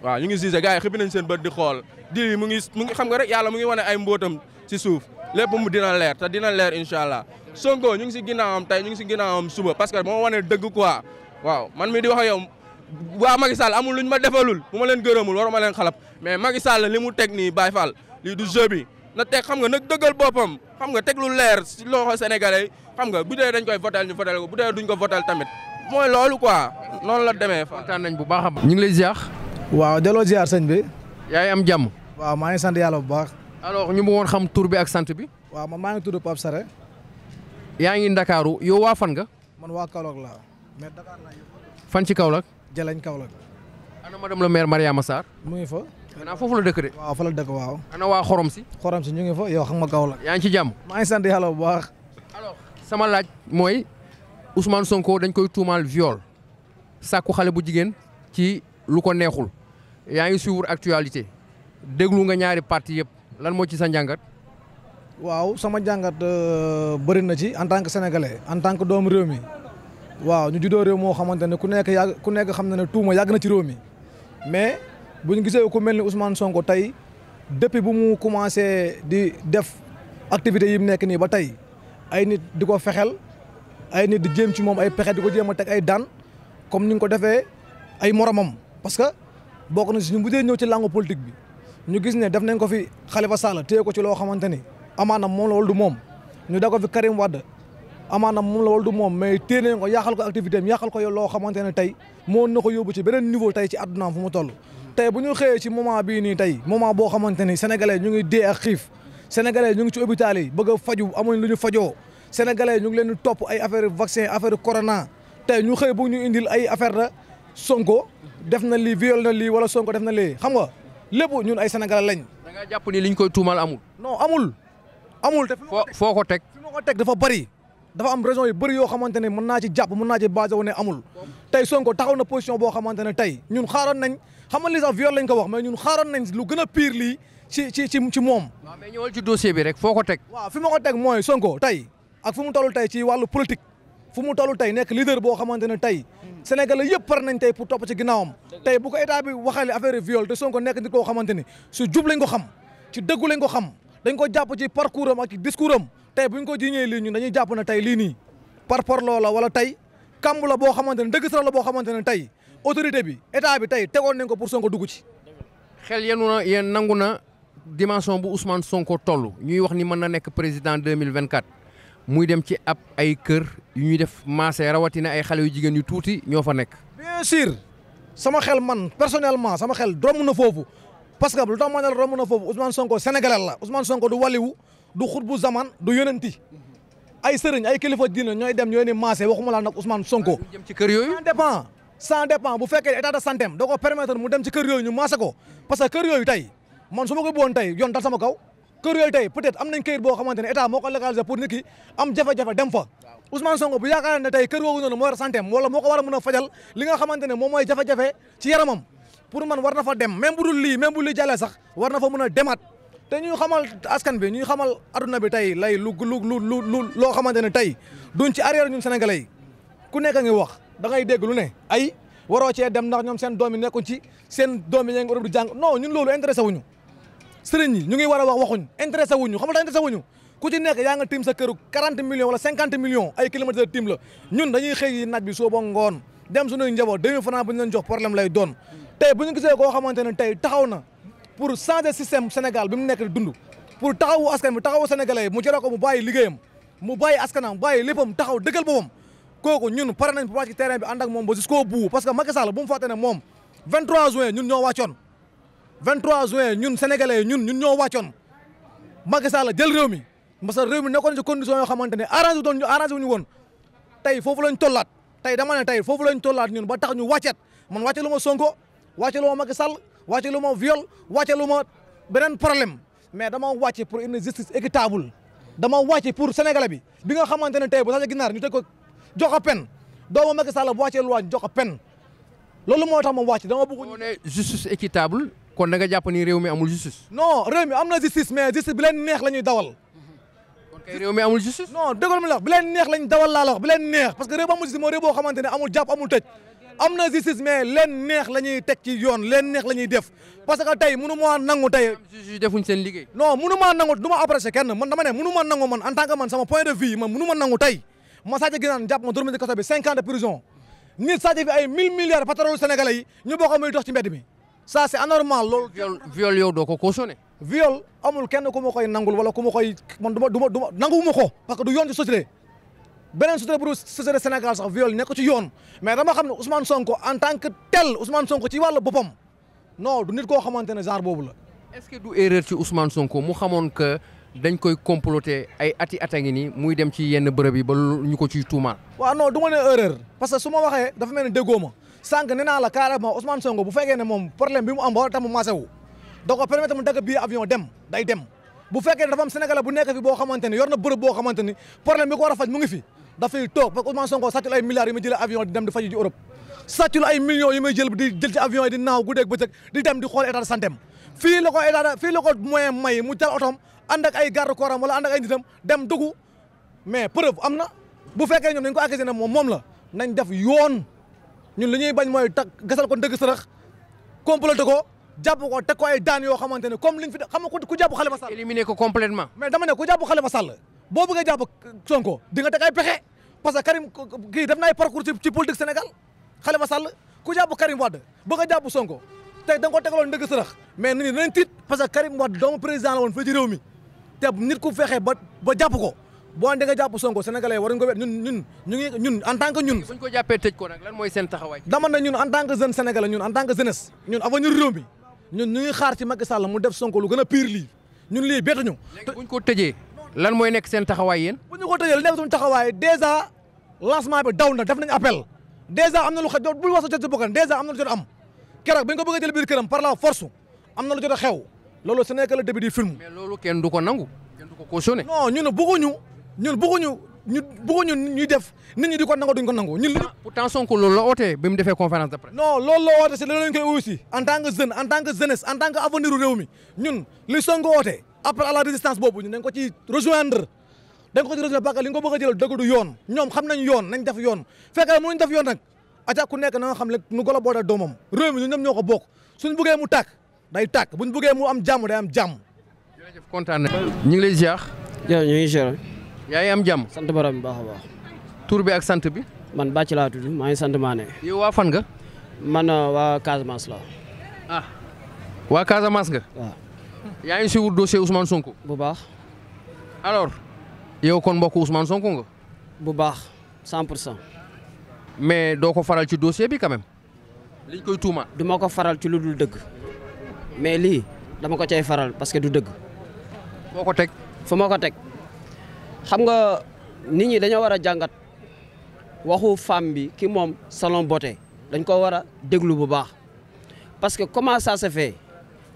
waaw ñu ngi jugé gars yi xëpp nañ seen bët di xool di mu ngi mu xam nga rek yàlla mu ngi wane ay mbootam ci suuf. lépp mu dina leer te dina leer incha allah Sonko ñu ngi si ginnaawam tey ñu ngi si ginnaawam suba parce que moo wane dëgg quoi waaw man mi di wax yow waa Macky Sall amul luñ ma defalul bu ma leen gërëmul waruma leen xalab mais Macky Sall li mu teg nii Baye Fall lii du bi na teg xam nga nag dëggal boppam xam nga teg lu leer si loxo sénégalais xam nga bu dee dañ koy votel ñu votel ko bu dee duñ ko votel tamit mooy loolu quoi noonu la demee. kontaan nañ bu baax a baax. ñu ngi lay ziar. waaw delloo ziar sëñ bi. yaa ngi am jàmm. waaw maa ngi sant yàlla bu baax. alors ñu bëggoon xam tuur bi ak sant bi. waaw man maa ngi tudd Pape Sare. yaa ngi Ndakaaru yow waa fan nga. man waa Kaolack laa mais Dakar fan ci Kaolack. Jalañ Kaolack. ana madame le maire Mariama Sarr. mu ngi fa. xanaa foofu la dëkk de. waaw fa la waa xorom si. xorom si ñu ngi fo yow xam ma Kaolack. yaa ngi ci jàmm. maa ngi sant yàlla bu baax. alors sama laaj mooy Ousmane Sonko dañ koy tuumaal viol sàkku xale bu jigéen ci lu ko neexul yaa ngi suivre actualité déglu nga ñaari partie yëpp. lan moo ci sa njàngat. waaw sama njàngat euh, bëri na ci en tant que sénégalais en tant que doomu réew mi waaw ñu juddoo réew moo xamante ne ku nekk yàgg ku nekk xam na ne tuuma yàgg na ci réew mi mais bu ñu gisee ku mel ni Ousmane Sonko tey depuis bu mu commencé di def activités yi mu nekk nii ba tey ay nit di ko fexeel ay nit di jéem ci moom ay pexe di ko jéem a teg ay daan comme ni nga ko defee ay moromam parce que bokk na si ñu bu dee ñëw ci langue politique bi. ñu gis ne def nañ ko fi xale Khalifa Sall téye ko ci loo xamante ni amaana moom la wal moom ñu da ko fi Karim Wade amaana moom la wal du moom mais téye nañ ko yàqal ko activité am yàqal ko yow loo xamante ne tey moo na ko yóbbu ci beneen niveau tey ci addunaam fu mu toll tey bu ñu xëyee ci moment bii nii tey moment boo xamante ni sénégalais ñu ngi dee ak xiif sénégalais ñu ngi ci hôpital yi bëgg a faju amuñ lu ñu fajoo sénégalais ñu ngi leen di topp ay affaire vaccin affaire corona tey ñu xëy bu ñu indil ay affaire da sonko def na lii viol lii wala sonko def na lii xam nga lépp ñun ay sénégalais lañ. da ngaa jàpp ni liñ koy tuumal amul. noo amul. amul te foo ko teg fi ko teg dafa bëri. dafa am raison yu bëri yoo xamante ne mën naa ci jàpp mën naa ci basé wu ne amul tey Sonko taxaw na position boo xamante ne tey ñun xaaroon nañ xam a li sax viol lañ ko wax mais ñun xaaroon nañ lu gën a pire lii ci ci ci ci moom. waaw mais ñëwal ci dossier bi rek foo ko teg. waaw fi ma ko teg mooy Sonko tey ak fu mu toll tey ci wàllu politique fu mu toll tey nekk leader boo xamante ne tey sénégalais yëpp par nañ tey pour topp ci ginnaawam tey bu ko état bi waxaale affaire viol te Sonko nekk nit koo xamante ni su jub lañ ko xam ci dëggu lañ ko xam dañ ko jàpp ci parcours am ak ci discours am tey buñ ko jiñee lii ñun dañuy jàpp ne tey lii nii par par loola wala tey kamb la boo xamante ne dëgg sara la boo xamante ne tey autorité bi état bi tey tegoon nañ ko pour Sonko dugg ci xel yenu na yéen nangu na dimension bu Ousmane Sonko toll ñuy wax ni mën na nekk président 2024 muy dem ci ab ay kër yu ñuy def maasee rawatina ay xale yu jigéen yu tuuti ñoo fa nekk. bien sûr sama xel man personnellement sama xel romb na foofu parce que lu tax ma ne na foofu Ousmane Sonko sénégalais la Ousmane Sonko du waliwu du bu zaman du yonenti ay sëriñ ay kilifa diina ñooy dem ñooy ni maasee waxuma laa nag Ousmane Sonko. Ah, ci kër yooyu ça dépend. ça dépend bu fekkee état de santé am da ko permettre mu dem ci kër yooyu ñu maase ko parce que kër yooyu tey man su ma ko bëggoon tey yoon dal sama kaw. kër yooyu tey peut-être am nañ këyit boo xamante ne état moo ko légalisé pour nit ki am jafe-jafe dem fa Ousmane Sonko bu yaakaar ne tey kër googu noonu moo war a santeem wala moo a a fajal li nga xamante ne moom mooy jafe-jafe ci yaramam war na fa dem même bu dul lii même bu lii jàllee sax war na fa mën a demaat te ñuy xamal askan bi ñuy xamal adduna bi tey lay lu lu lu lu loo xamante ne tey duñ ci arrière ñun sénégalais yi ku nekk a ngi wax da ngay dégg lu ne ay waroo cee dem ndax ñoom seen doom yi nekkuñ ci seen doom yi ña ngi war di ñun loolu intéressé wuñu sëriñ yi ñu ngi war a wax waxuñ intéressé wuñu xam nga intéressé wuñu ku ci nekk yaa nga tiim sa këru 40 millions wala ay kilomètres de tiim la ñun dañuy xëy yi naaj bi soo ba ngoon dem suñuy njaboot 2000 francs bu ñu leen jox problème lay doon tey bu ñu gisee koo xamante ne tey taxaw na pour changer système Sénégal bi mu nekk di dund pour taxaw askan bi taxawu sénégalais mu jaroo ko mu bàyyi liggéeyam mu bàyyi askanam bàyyi léppam taxaw dëggal boppam kooku ñun pare nañ pour wàcc ci terrain bi ànd ak moom ba jusqu'au bout parce mu fàtte ne moom 23 juin ñun ñoo wàccoon 23 juin ñun sénégalais ñun ñun ñoo wàccoon Macky Sall jël réew mi parce que réew mi nekkoon ci condition yoo xamante ne arrangé doon ñu arrangé wuñu woon tey foofu lañ tollaat tey dama ne tey foofu la lañ tollaat ñun ba tax ñu wàcceet man wàcce lu ma Sonko wàcce lu ma Macky Sall wàcce lu ma viol wàcce lu ma beneen problème mais dama wàcce pour une justice équitable dama wàcce pour sénégalais bi bi nga xamante ne tey bu sax ginnaar ñu teg ko jox ko pen doomu Macky Sall bu wàccee loi ñu jox ko loolu moo tax ma wàcce dama bëgg. justice équitable. kon da nga jàpp ni réew mi amul justice. non réew mi am na justice mais justice bi leen neex la ñuy dawal. kon kay réew mi amul justice. non dëggal mi la bi leen neex lañ dawal laa la bi leen neex parce que réew mi amul justice mooy réew boo xamante ne amul jàpp amul tëj am na justice leen neex la ñuy ci yoon leen neex la def parce que tey munu maa nangu tey. juge defuñ seen liggéey. munu maa nangu du man dama munu ma nangu man en man sama point de vue man munu ma nangu tey ma Sadio Guinane jàpp ma dormi ci ça c'est anormal loolu. viol viol yow doo ko cautionné. viol amul kenn ku ma koy nangul wala ku ma koy man du ma du ma du ma nanguwuma ko parce que du yoon ci société beneen société bu société Sénégal sax viol nekk ci yoon mais dama xam ne Ousmane Sonko en tant que tel Ousmane Sonko ci wàllu boppam non du nit koo xamante ne genre boobu la. est-ce que du erreur ci Ousmane Sonko mu xamoon que dañ koy comploter ay ati ata ngi nii muy dem ci yenn bërëb yi ba ñu ko ciy tuumaal. waaw non du ma ne erreur parce que su ma waxee dafa mel ni déggoo ma sànq nee naa la carrément Ousmane Sonko bu fekkee ne moom problème bi mu am ba tax mu maase wu mu dagg biir avion dem day dem bu fekkee ne dafa am bu nekk fi boo xamante ni yor na bërëb xamante ni problème bi ko war a faj mu ngi fi dafay toog parce que Ousmane Sonko sàccul ay milliards yi muy jël avion di dem di faj ji Europe de santé am fii la ko état fii la ko moyen may mu jël otoom ànd ak ay garde corps am wala ànd ak ay nitam dem dugg mais preuve am na bu fekkee ñoom dañ ko accusé ne moom moom la nañ def yoon ñun li ñuy bañ mooy tag gasal ko ndëgg sarax comploté ko jàpp ko teg ko ay daan yoo xamante ne comme liñ fi xam nga ku jàpp Khalifa Sall. éliminer ko complètement. mais dama ne ku jàpp Khalifa Sall boo bëggee jàpp Sonko di nga teg ay pexe parce Karim kii def na ay ci politique Sénégal Khalifa Sall ku Karim Wade bëgg a Sonko tey da nga ko tegaloon ndëgg sarax mais nit ñi que Karim Wade doomu président la woon fii ci réew mi te nit ku fexe ba ba ko. boo ande nga jàpp Sonko sénégalais war nga ko wet ñun ñun ñu ngi ñun en tant ñun. bu ñu mooy ñun en ñun en ñun ñun ñu ngi xaar mu def Sonko lu gën a pire ñun lii bettuñu. ñu lan mooy nekk seen taxawaay yéen. bu ñu ko tëjee li nekk suñu taxawaay dèjà lancement bi daw na def nañ appel dèjà am na lu xaj doot jot am na bu ñu ko bëggee jël biir këram par la force am na lu jot xew loolu ce n'est que kenn du ko nangu kenn ñun bëgguñu ñu ñuy def nit ñi di ko nangu duñ ko nangu ñun. Ah, pourtant Sonko loolu la ootee bi mu defee conférence de non loolu la ootee si loolu la ñu koy aussi en tant que jeune en tant que jeunesse en tant que avenir u réew mi ñun li Sonko ootee appel à la résistance boobu ñun dañ ko ci rejoindre. dañ ko ci rejoindre parce que li ko bëgg jëlal dëgg du yoon ñoom xam nañ yoon nañ def yoon fekkee mënuñ def yoon nag attaque ku nekk na xam ne nu golo boole doomam réew mi ñun ñoom ñoo ko bokk suñ bëggee mu tàkk day tàkk buñ bëggee mu jàmm day am jàmm. jërëjëf kontaan nañ. ñu ngi lay ziar. ñu ngi yaa ngi am jàmm. sant borom bu baax a baax. tur bi ak sant bi. man bàcc laa tudd maa ngi sant Mané. yow waa fan nga. man euh, waa Casamance la. ah waa Casamance nga. waaw. yaa ngi suivre dossier Ousmane Sonko. bu baax. alors yow kon mbokk Ousmane Sonko nga. bu baax 100 pour cent. mais doo ko faral ci dossier bi quand même. liñ koy tuuma. du ma ko faral ci lu dul dëgg. mais lii dama ko cay faral parce que du dëgg. foo ko teg. fu ma ko teg. xam nga nit ñi dañoo war a jàngat waxu femme bi ki moom salon beauté dañ ko war a déglu bu baax parce que comment ça se fait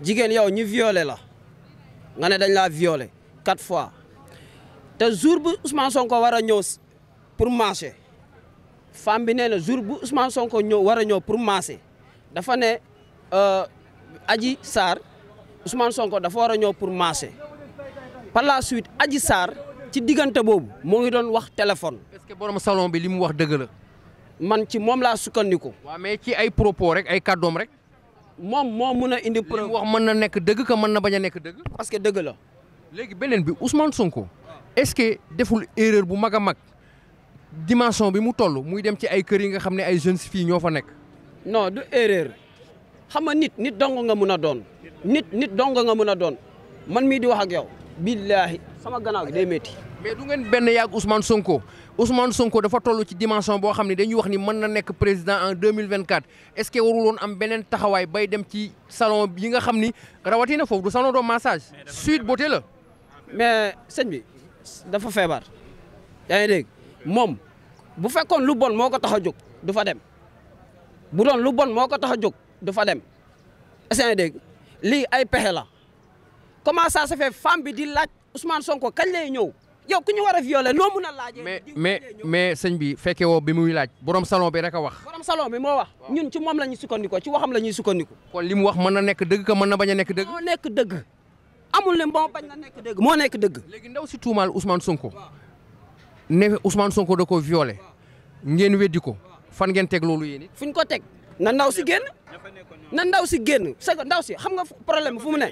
jigéen yow ñu viole la nga ne dañ laa viole quatre fois te jour bu Ousmane Sonko war a ñëw pour marcher femme bi nee na jour bu Ousmane Sonko ñëw war a ñëw pour marcher dafa ne euh, aji Sarr Ousmane Sonko dafa war a ñëw pour marcher par la suite Adji Sarr ci diggante boobu moo ngi doon wax téléphone. est-ce que borom salon bi li mu wax dëgg la. man ci moom laa sukkandiku. waaw mais ci ay propos rek ay kàddoom rek. moom moo mën a indi. preuve wax mën na nekk dëgg ka mën na bañ a nekk dëgg. parce que dëgg la. léegi beneen bi Ousmane Sonko est-ce que deful erreur bu mag a mag dimension bi mu toll muy dem ci ay kër yi nga xam ne ay jeunes fii ñoo fa nekk. non du erreur xam nga nit nit dong nga mën a doon. nit nit dong nga mën a doon man mii di wax ak yow. sama gannaaw gi day métti. mais du ngeen benn dafa xam ne dañuy wax ni mën na nekk président en 2024 est-ce que warul woon am beneen taxawaay bay dem ci salon nga xam ni rawatina foofu du salon de massage suite beauté mais sëñ bi dafa feebar. yaa ngi dégg moom bu fekkoon lu bon moo ko tax a jóg du dem bu doon lu bon moo ko tax a jóg du dem est-ce yaa ngi dégg lii ay pexe la comment ça se bi di laaj. Ousmane Sonko kañ lay ñëw yow ku ñu war a violer noo mun a laajee. mais mais mais sëñ bi fekke woo bi muy laaj borom salon bi rek a wax. borom salon bi moo wax ñun ci moom la ñu sukkandiku ci waxam la ñuy sukkandiku. kon li mu wax mën na nekk dëgg ka mën na bañ a nekk dëgg. moo nekk dëgg amul ne moo bañ na nekk dëgg moo nekk dëgg. léegi ndaw si tuumaal Ousmane Sonko ne Ousmane Sonko da koo violer ngeen weddi ko fan ngeen teg loolu yéen it. fu ñu ko teg na ndaw si génn na ndaw génn sa ndaw si xam nga problème fu mu ne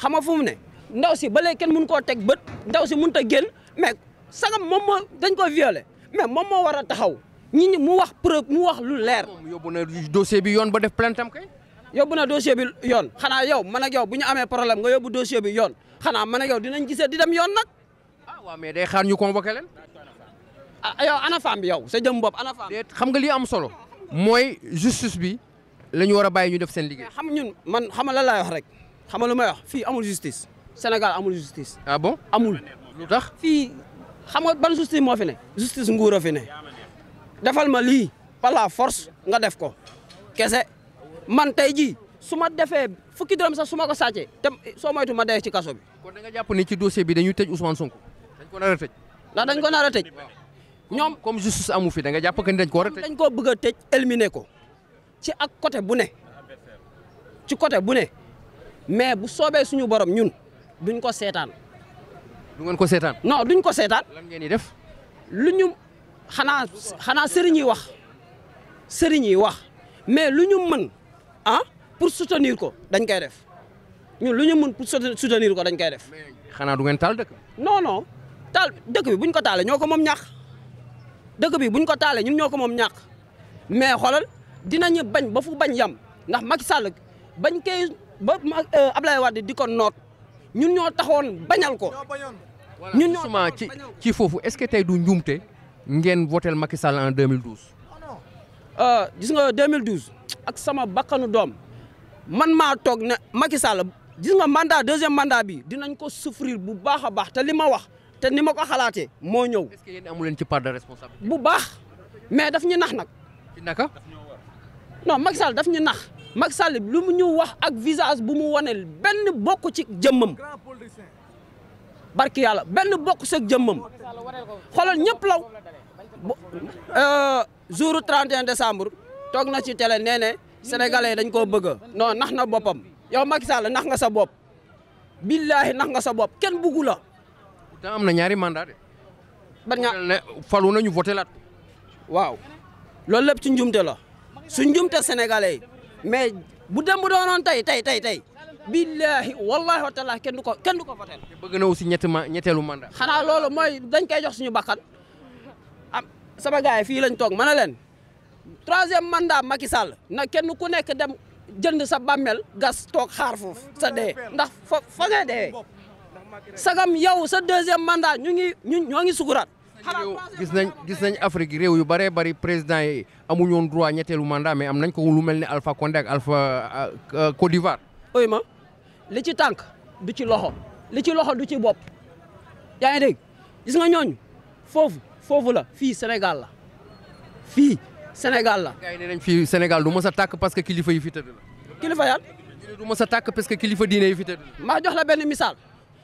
xam nga fu mu ne ndaw si ba léegi kenn mënu koo teg bët ndaw si mun a génn mais sagam moom moo dañ koo violé mais moom moo war a taxaw ñi ñi mu wax preuve mu wax lu leer. yóbbu na dossier bi yoon ba def plainte am kay. yóbbu na dossier bi yoon xanaa yow man ak yow bu ñu amee problème nga yóbbu dossier bi yoon xanaa man ak yow dinañ gisee di dem yoon nag. Ah, mais day xaar ñu convoqué leen. ah, ah yow ana bi yow sa jëm bopp ana xam nga li am solo mooy justice bi la ñu war a bàyyi ñu def seen liggéey. xam ñun man xamal la laay wax rek xamal lu may wax fii amul justice. Sénégal amul justice. ah bon amul. lu tax fii xam nga ban justice moo fi ne. justice nguur a fi ne defal ma lii par la force nga def ko kese man tey jii su ma defee fukki dërëm sax su ma ko sàccee te soo moytu ma defee ci kaso bi. kon da nga jàpp ni ci dossier bi dañuy tëj Ousmane Sonko. dañ ko ndax dañ ko nar a tëj. ñoom comme justice amu fi da nga jàpp que ni dañ ko war a tëj. dañ koo bëgg a tëj éliminer ko ci ak côté bu ne ci côté bu ne mais bu soobee suñu borom ñun. duñ ko seetaan. du ngeen ko seetaan. non duñ ko seetaan. lan ngeen di def. lu ñu xanaa xanaa sëriñ wax sëriñ yi wax mais lu ñum mën ah pour soutenir ko dañ koy def ñun lu ñu mën pour soutenir ko dañ koy def. xanaa du ngeen taal dëkk non non taal dëkk bi buñ ko taalee ñoo ko moom ñax dëkk bi buñ ko taalee ñun ñoo ko moom ñàkk mais xoolal dinañu bañ ba fu bañ yam ndax Macky Sall bañ koy ba eh, Ablaye Wade di ko noot. ñun ñoo taxoon bañal ko. ñun ñoo taxoon ci ci foofu est-ce que tey du njuumte ngeen votel Macky Sall en 2012. Euh, gis nga 2012 ak sama bakkanu doom man maa toog ne Macky Sall gis nga mandaa deuxième mandat bi dinañ ko souffrir bu baax a baax te li ma wax te ni ma ko xalaatee moo ñëw. est-ce que yéen leen ci part de responsabilité. bu baax mais daf ñu nax nag. ci naka. non Macky Sall daf ñu nax. Macky Sall lu mu ñu wax ak visage bu mu waneel benn bokk ci jëmmam barki yàlla benn bokku sa jëmmam xoolal ñëpp law euh, jour 31 décembre toog na ci télé nee ne sénégalais dañ koo bëgg non nax na boppam yow Macky Sall nax nga sa bopp billaahi nax nga sa bopp kenn bëggu la pourtant am na ñaari mandat de ban ñaar falu nañu voté laat waaw lépp ci njumte su njumte sénégalais mais bu dem bu doonoon tey tey tey tey billaahi wallaahi wa taalaa kenn du ko kenn du ko voté. bëgg na aussi ñetti ma ñetteelu mandat. xanaa loolu mooy dañ koy jox suñu bakkan am sama gars fii lañ toog mën a leen troisième mandat Macky Sall na kenn ku nekk dem jënd sa bàmmeel gas toog xaar foofu sa dee ndax fa fa ngay dee sagam yow sa deuxième mandat ñu ngi ñu ñoo ngi sukuraat gis nañ gis nañ Afrique réew yu bëree bëri président yi woon droit ñetteelu mandat mais am nañ ko lu mel ne Alpha Condé ak Alpha euh, euh, d'Ivoire. ooy li ci tànk du ci loxo li ci loxo du ci bopp yaa ngi gis nga ñooñu foofu foofu la fii senegal la fii senegal la. gars nañ fii Sénégal du mës a tàkk parce que kilifa yi fi tëdd la. kilifa yaan. du mës a tàkk parce que kilifa diine yi maa jox la benn misaal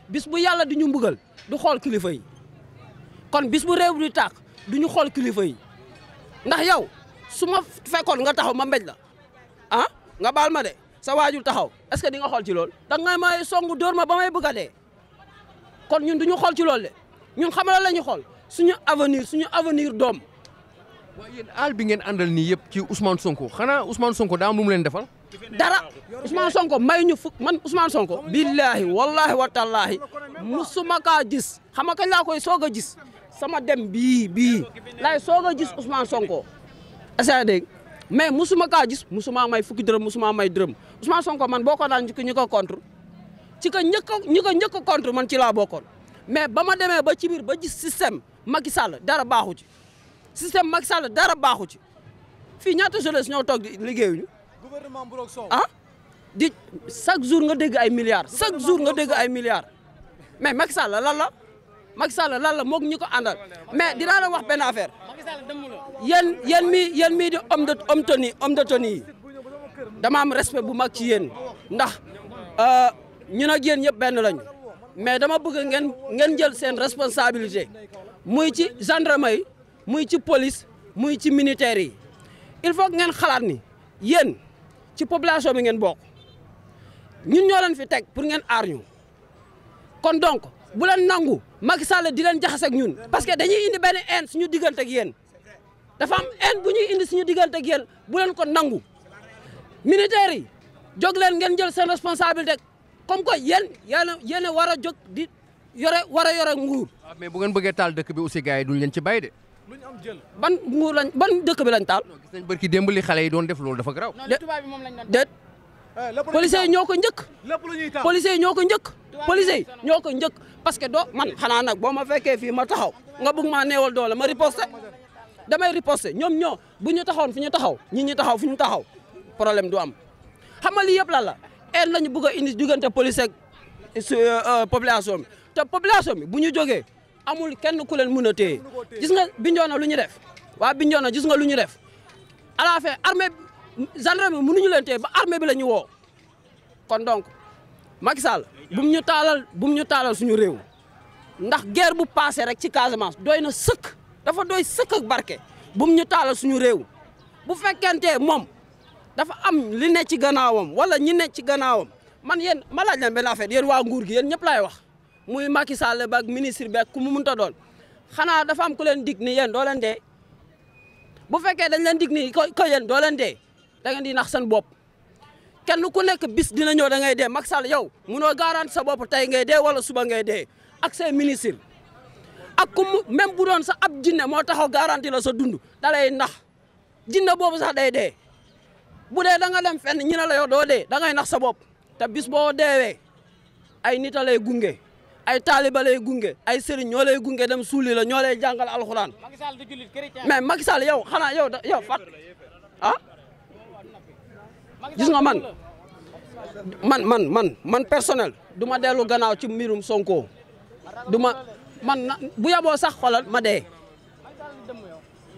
bis bu yàlla di ñu mbugal du xool kilifa yi. kon bis bu réew di tàkk du ñu xool kilifa yi ndax yow su ma fekkoon nga taxaw ma mbéj la ah nga baal ma de sa waajur taxaw est-ce que di nga xool ci lool da nga may songu dóor ma ba may bëgg a kon ñun du ñu xool ci lool de ñun xamal la ñu xool suñu avenir suñu avenir doom. waaw yéen aal bi ngeen àndal nii yëpp ci Ousmane Sonko xanaa Ousmane Sonko daa am lu mu leen defal. dara Ousmane Sonko mayuñu fukk man Ousmane Sonko. billahi wallahi watallaahi musuma kaa gis xam nga kañ laa koy soog a gis sama dem bii bii laay soog a gis Ousmane Sonko est dégg mais musuma kaa jis musuma may fukki dërëm musuma may dërëm Ousmane Sonko man bokkoon naa ci ñi ko contre ci ko ñëkk a ñi ko ñëkk a man ci laa bokkoon mais ba ma demee ba ci biir ba gis système Macky Sall dara baaxu ci système Macky Sall dara baaxu ci fii ñaata jeunesse ñoo toog di liggéeyuñu. gouvernement bu ah di chaque jour nga dégg ay milliards chaque jour nga dégg ay milliards mais Macky Sall lan la. Macky Sall lan la moog ñi ko àndal mais dinaa la wax benn affaire yéen yéen mi yéen mii di homme de homme tenue homme de tenue yi dama am respect bu mag ci yéen ndax euh, ñun ak yéen ñëpp benn lañu mais dama bëgg ngeen ngeen jël seen responsabilité muy ci gendarmerie muy ci police muy ci militaire yi il faut ngeen xalaat ni yéen ci population bi ngeen bokk ñun ñoo leen fi teg pour ngeen aar ñu kon donc bu leen nangu. Macky Sall di leen jaxase ak ñun parce que dañuy indi benn haine suñu diggante ak yéen dafa am haine bu ñu indi suñu diggante ak yéen bu leen ko nangu militaires yi jóg leen ngeen jël seen responsabilité comme que yéen yéen yéen a war a jóg di yore war a yore nguur. waaw ah, mais bu ngeen bëggee taal dëkk bi aussi gars yi duñ leen ci bay de. ban nguur lañ ban dëkk bi lañ taal. gis nañ barki xale yi doon def loolu dafa garaaw. déet Eh, policiers yi ñoo ko njëkk. policiers yi ñoo ko njëkk. policiers ñoo ko njëkk parce que doo man xanaa nag boo ma fekkee fii ma taxaw nga bugg maa neewal doole ma riposte damay riposte ñoom ñoo bu ñu taxawoon fu ñu taxaw ñi ñu taxaw fu ñu taxaw problème du am xam nga lii yëpp lan la en er lañu bugg a indi diggante police ak euh, euh, population bi te population bi bu ñu jogee amul kenn ku leen mën a téye gis nga bindoona lu ñu def waa bindoona gis nga lu ñu def à la fin gendarme bi ñu leen tee ba armée bi la ñu woo kon donc Macky Sall bum ñu taalal bum ñu taalal suñu réew ndax guerre bu passé rek ci Casamance doy na sëkk dafa doy sëkk barke bum ñu taalal suñu réew bu fekkente moom dafa am li ne ci gannaawam wala ñi ne ci gannaawam man yéen ma laaj leen benn affaire yéen waa nguur gi yéen ñëpp laay wax muy Macky Sall ba ministre bi mu munta doon xanaa dafa am ku leen dig ni yéen doo leen dee bu fekkee dañ leen dig ni ko yéen doo leen dee da ngeen di nax seen bopp kenn ku nekk bis dina ñëw da ngay dee Macky Sall yow munoo garanti sa bopp tey ngay dee wala suba ngay dee ak say ministre ak ku même bu doon sa ab jinne moo taxaw garanti la sa dund da lay nax jinne boobu sax day dee bu dee da nga dem fenn ñu ne la yow doo dee da ngay nax sa bopp te bis boo deewee ay nit lay gunge ay taaliba lay gunge ay sëriñ ñoo lay gunge dem suuli la ñoo lay jàngal alxuraan mais Macky Sall yow xanaa yow yow fat ah gis nga man man man man man personnel du ma dellu gannaaw ci mbirum Sonko du ma man bu yaboo sax xoolal ma dee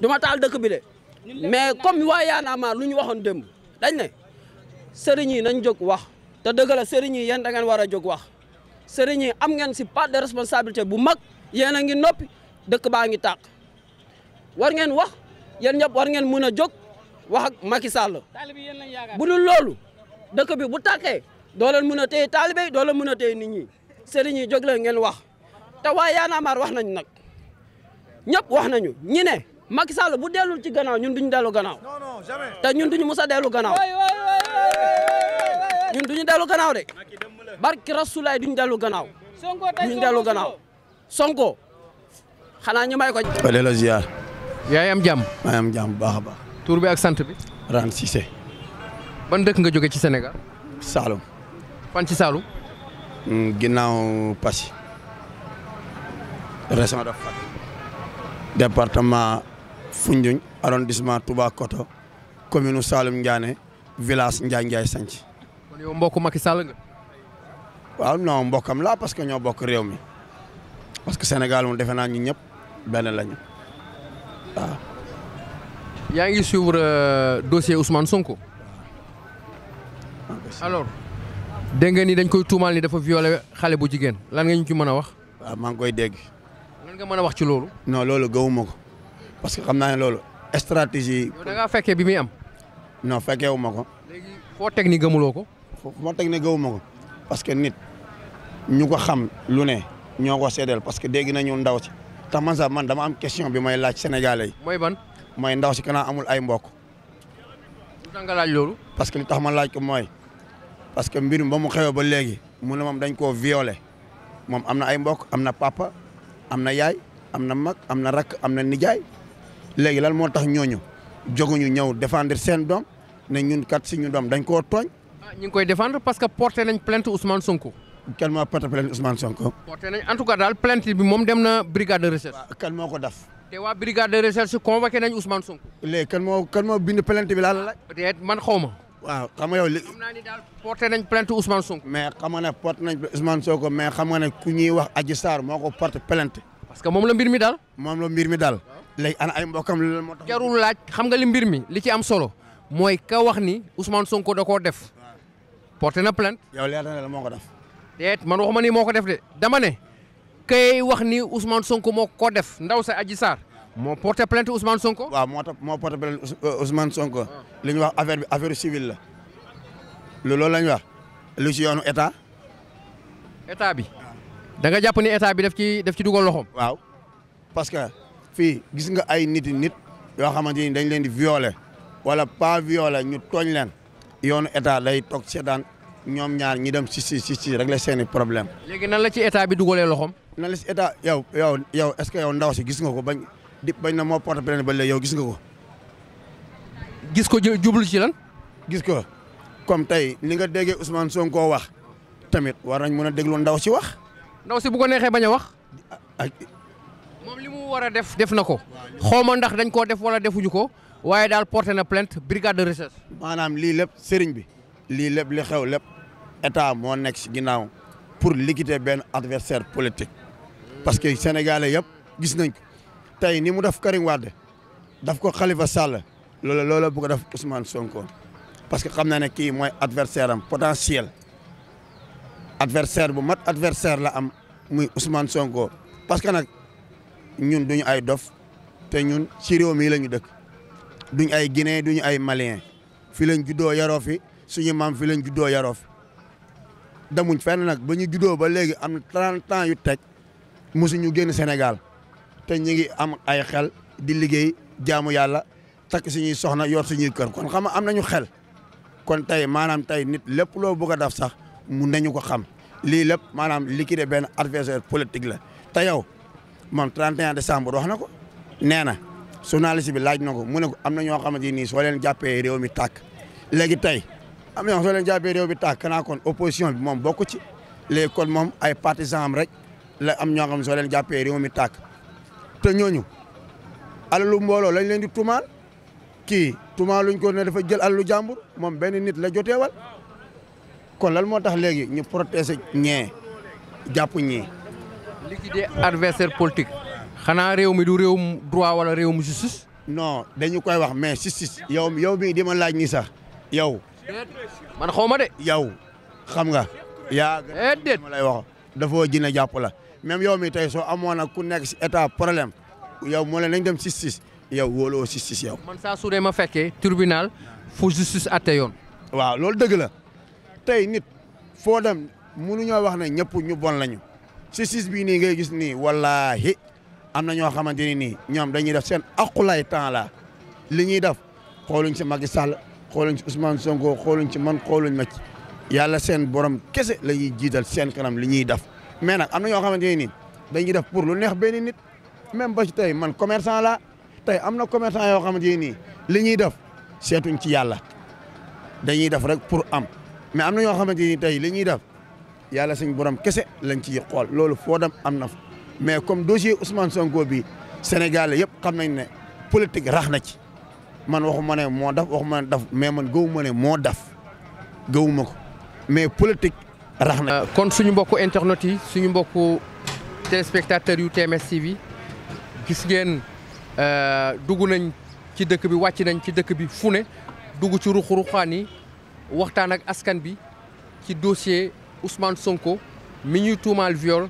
du ma taal dëkk bi de mais comme waa Y'en a lu ñu waxoon démb dañ ne sëriñ yi nañ jóg wax te dëgg la sëriñ da ngeen war a jóg wax sëriñ am ngeen si part de responsabilité bu mag yéen a ngi noppi dëkk baa ngi tàq war ngeen wax yéen ñëpp war ngeen mën a jóg. wax ak Macky Sall bu dul loolu dëkk bi bu tàkkee doo mun a tey taalibe yi doo mën a téye ni ñi sëriñ yi jóg leen ngeen wax te waay Y'en a marre wax nañu nag ñëpp wax nañu ñi ne Macky Sall bu dellul ci gannaaw ñun duñu dellu gannaaw te ñun duñu mus a dellu gannaaw ñun duñu dellu ganaaw de barki rasulaay duñu dellu gannaaw duñu dellu gannaaw Sonko xanaa ñu may ko. wala la ziar. yaa ngi am jàmm. maa ngi am jàmm bu baax a baax. tur bi ak sant bi. Rane Cissé. ban dëkk nga jóge ci senegal Saalum. fan ci Saalum. Hmm, ginnaaw Passy. région de Fatick. département Foundiougne arrondissement Toubacouta commune Saalum Ndiané village Ndiaye Ndiaye Sanc. kon yow mbokk Macky Sall nga. waaw laa parce que ñoo bokk réew mi parce que Sénégal moom defe naa ñu ñëpp benn lañu yaa ngi suivre euh, dossier Ousmane Sonko. alors dégg nga ni dañ koy tuumaal ni dafa viole xale bu jigéen lan nga ñu ci mën a wax. waaw maa ngi koy dégg. lan nga mën a wax ci loolu. noo loolu gëmuma ko parce que xam naa ne loolu stratégie. da ngaa fekkee bi muy am. noo fekkee wu ma ko. léegi foo teg ni gëmuloo ko. foo teg ni gëmuma ko parce que nit ñu ko xam lu ne ñoo ko seedeel parce que dégg nañu ndaw si tax man sax man dama am question bi may laaj sénégalais yi. mooy ban. mooy ndax si kanam amul ay mbokk. nga laaj parce que li tax ma laaj ko mooy parce que mbir mi ba mu xewee ba léegi mun na moom dañ koo viole moom am na ay mbokk am na papa am na yaay am na mag am na rakk am na nijaay léegi lan moo tax ñooñu joguñu ñëw défendre seen doom ne ñun kat si ñu doom dañ koo tooñ. Ah, ñu ngi koy défendre parce que porté nañ plainte Ousmane Sonko. kan moo porté plainte Ousmane Sonko. porté nañ en daal plainte bi moom dem na brigade de kan moo ko def. te waa brigade de recherche convoqué nañ Ousmane Sonko. léegi kan moo kan moo bind laa la laaj. man xaw ma. waaw xam nga yow li. xam naa ni daal porté nañ plainte Ousmane Sonko. mais xam nga ne porté mais xam nga ne ku ñuy wax aj Sarr moo ko porté plainte. parce que moom la mbir mi daal. moom la mbir mi daal. léegi ana ay mbokkam loolu moo tax. jarul laaj xam nga li mbir mi li ci am solo mooy ka wax ni Ousmane Sonko da koo def. porté na plainte. yow leer na la moo ko def. déet man waxuma ni moo ko def de dama ne. kay wax ni Ousmane Sonko moo ko def ndaw sa Adji Sarr moo porté plainte Ousmane Sonko. waaw moo tax moo porté plainte euh, Sonko. li ñuy wax affaire bi affaire civile la. loolu la wax. lu ci yoonu état. état bi. danga jàpp ni état bi daf ci daf ci dugal loxoom. waaw parce que fii gis nga ay nit nit yoo xamante ni dañ leen di viole wala pas violer ñu tooñ leen yoonu état lay toog seetaan ñoom ñaar ñi dem si si si si régler seen problème léegi nan la ci état bi dugalee loxoom. nan la si état yow yow yow est ce que yow ndaw si gis nga ko bañ bañ na moo porte plainte ba léegi yow gis nga ko. gis ko jublu ci lan. gis ko comme tey li nga déggee Ousmane ko wax tamit war nañ mun a déglu ndaw si wax. ndaw si bu ko neexee bañ a wax. moom li mu war a def def na ko xaw ndax dañ koo def wala defuñu ko waaye daal porté na plent brigade de recherche. maanaam lii lépp sëriñ bi lii lépp li xew lépp. état moo nekk si ginnaaw pour liquider benn adversaire politique parce que sénégalais yëpp gis nañ ko tey ni mu def Karim Wade daf ko Khalifa Sall loola loola bu ko def Ousmane Sonko parce que xam na ne kii mooy adversaire am potentiel adversaire bu mat adversaire la am muy Ousmane Sonko parce que nag ñun duñu ay dof te ñun ci réew mii la ñu dëkk duñ ay Guinée duñu ay Malien fi lañ juddoo yaroo fi suñu maam fi lañ juddoo yaroo fi demuñ fenn nag ba ñu juddoo ba léegi am na 30 ans yu teg mosuñu génn Sénégal te ñu ngi am ay xel di liggéey jaamu yàlla takk suñuy soxna yor suñuy kër kon xam am nañu xel kon tey maanaam tey nit lépp loo bëgg a def sax mun nañu ko xam lii lépp maanaam liquider benn adversaire politique la te yow moom de décembre wax na ko nee na journaliste bi laaj na ko mu ne ko am na ñoo xamante nii soo jàppee réew mi tàkk léegi tey. am na soo leen jàppee réew bi tàkk naa kon opposition bi moom bokku ci léegi kon moom ay partisans am rek la am ñoo xam soo leen jàppee réew mi tàkk te ñooñu alalu mbooloo lañ leen di tumaal kii tumaal luñ ko ne dafa jël alalu jàmbur moom benn nit la joteewal kon lan moo tax léegi ñu protéger ñee jàpp ñee. liquider adversaire politique xanaa réew mi du réewum droit wala réewum justice. non dañu koy wax mais justice yow yow mii di ma laaj nii sax yow. déet man xaw ma de. yow xam nga. yaa déet ma lay wax dafoo jina jàpp la même yow mi tey soo amoon ak ku nekk si problème yow moo leen nañ dem sis sis yow wóoloo sis sis yow. man saa su ma fekkee tribunal fu justice atte yoon. waaw loolu dëgg la tey nit foo dem mënuñoo wax ne ñëpp ñu bon lañu sis sis bii nii ngay gis nii wallaahi am na ñoo xamante ne nii ñoom dañuy def seen aqulay temps la li ñuy def xooluñ si Macky xooluñ ci Ousmane Sonko xooluñ ci man xooluñ ma ci yàlla seen borom kese la ñuy jiital seen kanam li ñuy def mais nag am na ñoo xamante ne nii dañuy def pour lu neex benn nit même ba ci tey man commerçant la tey am na commerçant yoo xamante ne nii li ñuy def seetuñ ci yàlla dañuy def rek pour am mais am na ñoo xamante ni tey li ñuy def yàlla suñ borom kese lañ ciy xool loolu foo dem am na fa mais comme dossier Ousmane Sonko bi Sénégal yëpp xam nañ ne politique rax na ci. man waxuma ne moo daf waxuma ne daf mais man gëwuma ne moo daf gëwuma ko mais politique rax na. Euh, kon suñu mbokku internet yi suñu mbokku téléspectateurs yu TMS TV gis ngeen euh, dugg nañ ci dëkk bi wàcc nañ ci dëkk bi fu dugg ci ruq-ruqaan yi waxtaan ak askan bi ci dossier Ousmane Sonko mi ñuy tuumaal viol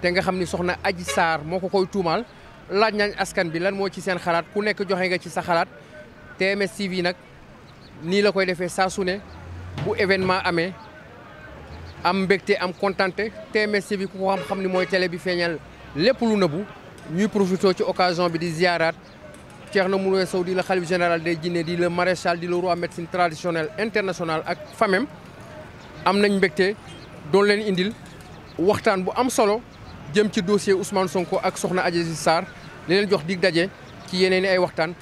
te nga xam ni soxna Adji Sarr moo ko koy tuumaal laaj nañ askan bi lan moo ci seen xalaat ku nekk joxe nga ci sa xalaat. TMS TV nag nii la koy defee saa su ne bu événement amee am mbégte am kontante TMS TV ku ko xam-xam ni mooy télé bi feeñal lépp lu nëbbu ñuy profité ci occasion bi di ziaraat Thierno Moule Sow di la xalif général des jinne di la maréchal di la roi médecine traditionnelle internationale ak famem am nañ mbégte doon leen indil waxtaan bu am solo jëm ci dossier Ousmane Sonko ak Soxna Adji Sarr li leen jox di daje ci yeneen i ay waxtaan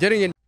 jërë